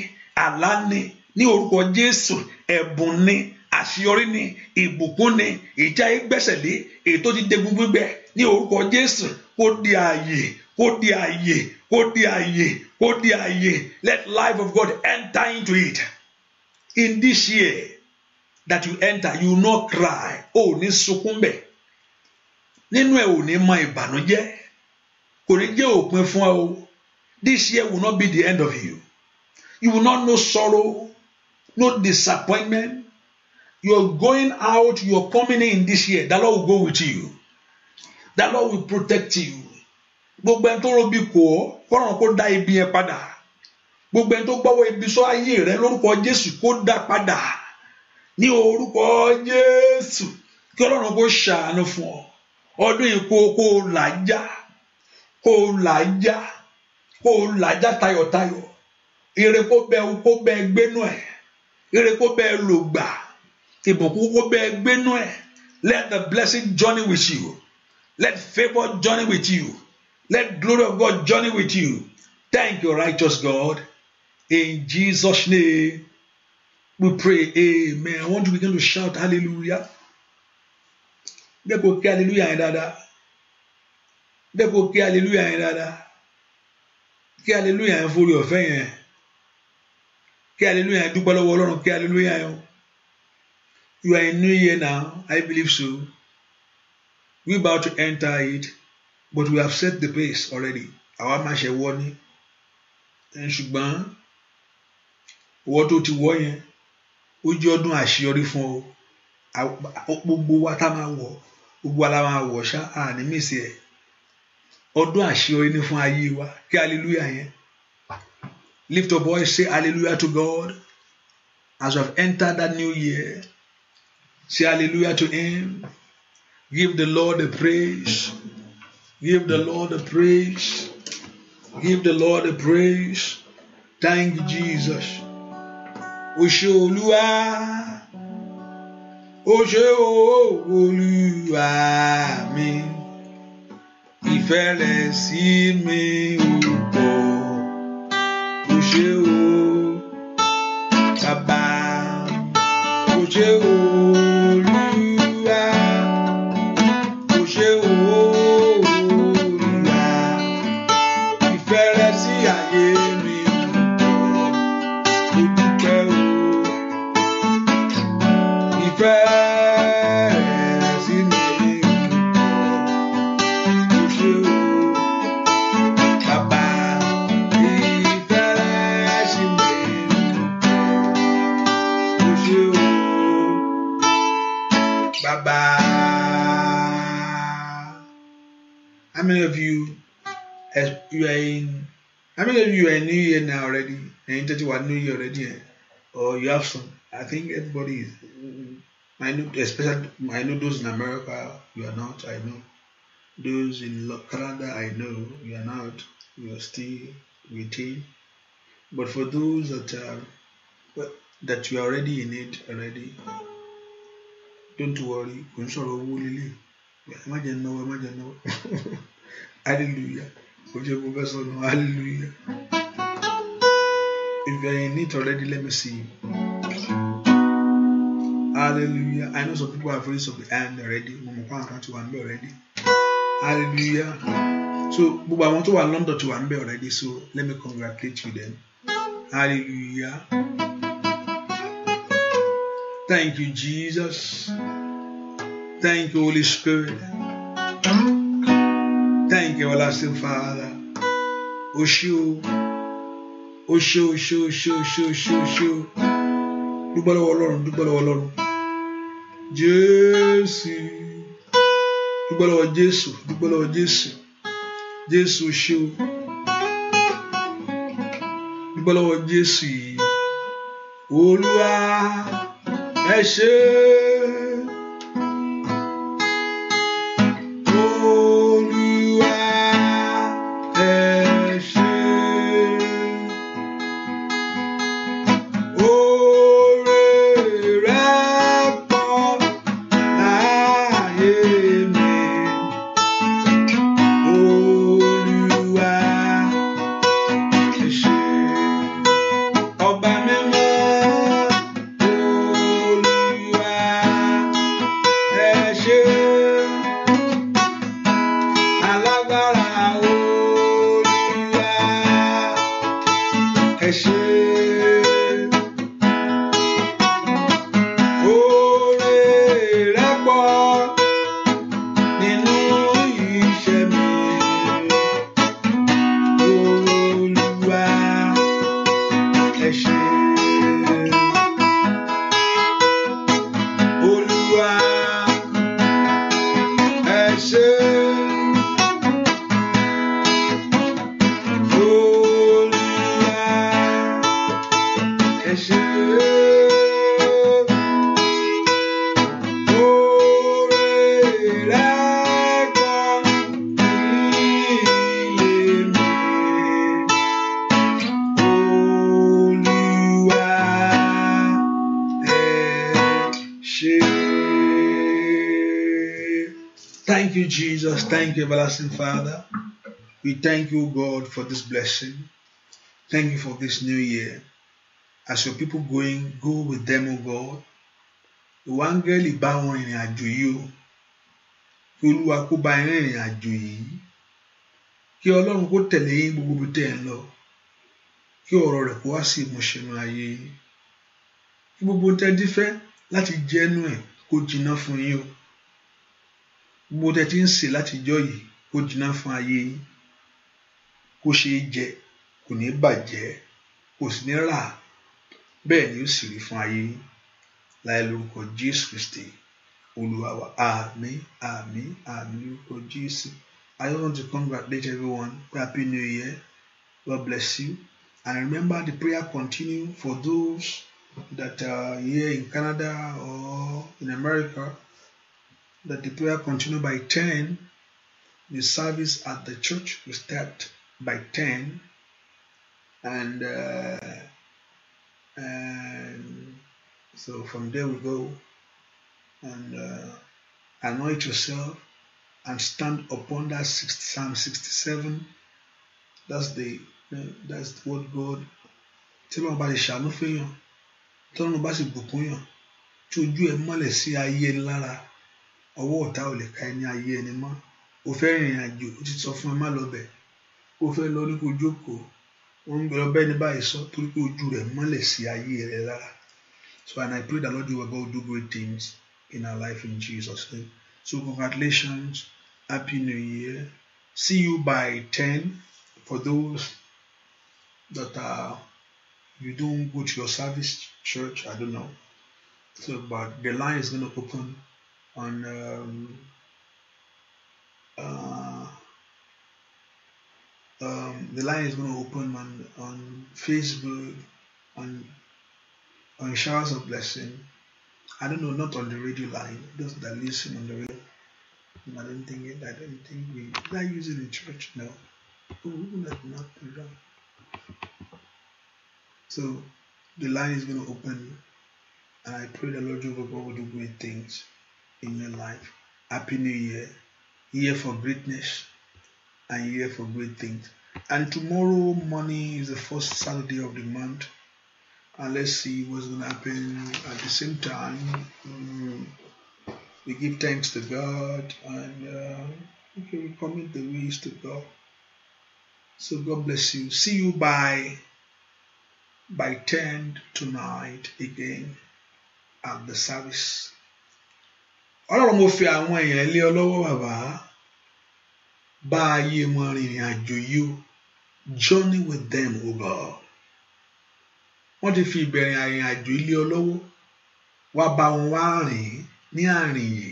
àlá ni ní orúkọ Jésù ẹ̀bùn ni àṣeyọrí ni ìbùkún ni ìjà ìgbẹ́sẹ̀lé èyí tó ti degun gbígbẹ ní orúkọ Jésù kó di ààyè kó di ààyè kó di ààyè kó di ààyè let life of God enter into it in this year that you enter you no cry o ò ní sunkún bẹ̀ nínú ẹ̀ ò ní mọ ìbànújẹ́ kò ní jẹ́ òpin fún ẹ o this year will not be the end of you you will not know sorrow no disappointment. Your going out, your coming in this year, the Lord will go with you. The Lord will protect you. Gbogbo ẹni tó robi kò ọ́, kọ́nà kó dá ibi yẹn padà. Gbogbo ẹni tó gbọ́wọ́ ibi sọ ayé rẹ lórúkọ Jésù kó dá padà. Ní orúkọ Jésù, kí Ọlọ́run kó ṣàánú fún ọ. Ọdún yìí kó kó làájá, kó làájá, kó làájá tayọ̀tayọ̀. Ire kó bẹ kó bẹ gbénú ẹ̀ ire bẹ́ẹ̀ lò gbà ìbùkún kó bẹ́ẹ̀ gbénú ẹ̀ let the blessing journey with you let favour journey with you let glory of God journey with you thank you righteous God in Jesus name we pray amen I want to begin to shout hallelujah dẹ́kun kí hallelujah yẹn dáadáa dẹ́kun kí hallelujah yẹn dáadáa kí hallelujah yẹn forí ọ̀fẹ́ yẹn kí hallelujah yẹn dúpẹ́ lọ́wọ́ ọlọ́run kí hallelujah yẹn you are in new year now I believe so we about to enter it but we have set the pace already Our máa ṣe wọ ni ṣùgbọ́n owó tó ti wọ yẹn ó jẹ́ ọdún àṣeyọrí fún ọ gbogbo wa tá máa wọ̀ gbogbo wa la máa wọ̀ ṣá àní mèsì ẹ̀ ọdún àṣeyọrí ni fún ayé wa kí hallelujah yẹn Lift your voice, say hallelujah to God. As we have entered that new year, say hallelujah to Him. Give the Lord the praise. Give the Lord the praise. Give the Lord the praise. Thank you, Jesus. Oṣé Olúwa, oṣé Olúwa mi, ìfẹ́ rẹ̀ sí mi ò pọ̀. Georgia. you are in. How many of you are in New Year now already? And you are New Year already, eh? or you have some. I think everybody is. I know, especially I know those in America. You are not. I know those in Canada. I know you are not. You are still waiting. But for those that are that you are already in it already, don't worry. Kò ń sọ̀rọ̀ owó líle. Ẹ má jẹ́ náwó, ẹ má jẹ́ náwó. (laughs) Hallelujah. Would you go first on hallelujah? If you are in it already, let me see. Hallelujah. I know some people have raised up the end already. Mọ̀mọ́kọ́ àkáǹtì wà níbẹ̀ already. Hallelujah. So gbogbo àwọn tó wà London ti wà níbẹ̀ already so let me congratulate you then. Hallelujah. Thank you Jesus. Thank you Holy Spirit. Mm-hmm thank you, everlasting Father. Oshu, Oshu, Oshu, Oshu, Oshu, Oshu, Oshu. Dúpẹ́ lọ́wọ́ Ọlọ́run, dúpẹ́ lọ́wọ́ Ọlọ́run. Jésù, dúpẹ́ lọ́wọ́ Jésù, Jesus lọ́wọ́ Jésù. Jésù Oshu. Dúpẹ́ lọ́wọ́ Jésù yìí. you, everlasting Father. We thank you, God, for this blessing. Thank you for this new year. As your people going, go with them, O God. Ìwà áńgẹ́lì bá wọn ìrìn àjò yìí o. Kí Olúwa kó bá yín ìrìn àjò yìí. Kí Ọlọ́run kó tẹ̀lé yín gbogbo ibi tẹ̀ ń lọ. Kí ọ̀rọ̀ rẹ̀ kó wá sí ìmúṣẹ nínú ayé yín. Kí gbogbo tẹ́ dífẹ́ láti jẹ́nu ẹ̀ kó jiná fún yín o gbogbo tẹ́ ti ń sè látijọ́ yìí ó jiná fún ayé yín kó ṣeé jẹ kò ní bàjẹ́ kò sì ní rà bẹ́ẹ̀ ni ó sì rí fún ayé yín láì lórúkọ Jésù Kristi Olúwa wa àmín àmín lórúkọ Jésù. I want to congratulate everyone. Happy New Year. God bless you. And remember the prayer continue for those that are here in Canada or in America. that the prayer continue by 10. The service at the church will start by 10. And, uh, and so from there we go and uh, anoint yourself and stand upon that 60, Psalm 67. That's the uh, that's what God tell Ọlọ́run bá lè ṣàánú fẹ́yàn tí Ọlọ́run bá sì bùkún yàn sí ọwọ́ ọ̀tá ò lè ka ẹni ayé ẹni mọ́ o fẹ́ rìnrìn àjò o ti sọ fún ẹ má lọ bẹ̀ o fẹ́ lọ ní kó jókòó wọ́n ń gbé lọ ní báyìí sọ torí pé ojú rẹ̀ mọ́lẹ̀ sí ayé rẹ̀ lára so and I pray that Lord you will go do great things in our life in Jesus name so congratulations happy new year see you by ten for those that are you don't go to your service church I don't know so but the line is gonna open. on um, uh, um, the line is going to open on on Facebook on on showers of blessing. I don't know, not on the radio line. Those that listen on the radio, I don't think I don't think we not using the church now. Oh, not So the line is going to open, and I pray the Lord Jehovah God will do great things in your life. Happy New Year. Year for greatness and year for great things. And tomorrow morning is the first Saturday of the month. And let's see what's going to happen at the same time. Mm. we give thanks to God and uh, okay, we commit the ways to God. So God bless you. See you by by 10 tonight again at the service ọlọ́run mo fi àwọn èèyàn lé ọ lọ́wọ́ bàbá bá ayé wọn rìnrìn àjò yìí o journey with them over. God wọ́n ti fi ìbẹ̀rẹ̀ àrìn àjò ilé ọ lọ́wọ́ wá bá wọn wá rìn ní àrìn yìí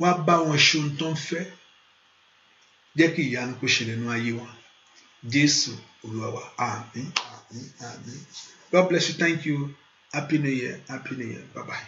wá bá wọn ṣe ohun tó ń fẹ́ jẹ́ kí ìyanu kó ṣẹlẹ̀ nínú ayé wa Jésù Olúwa wa àmín àmín God bless you thank you happy new year happy new year bye bye.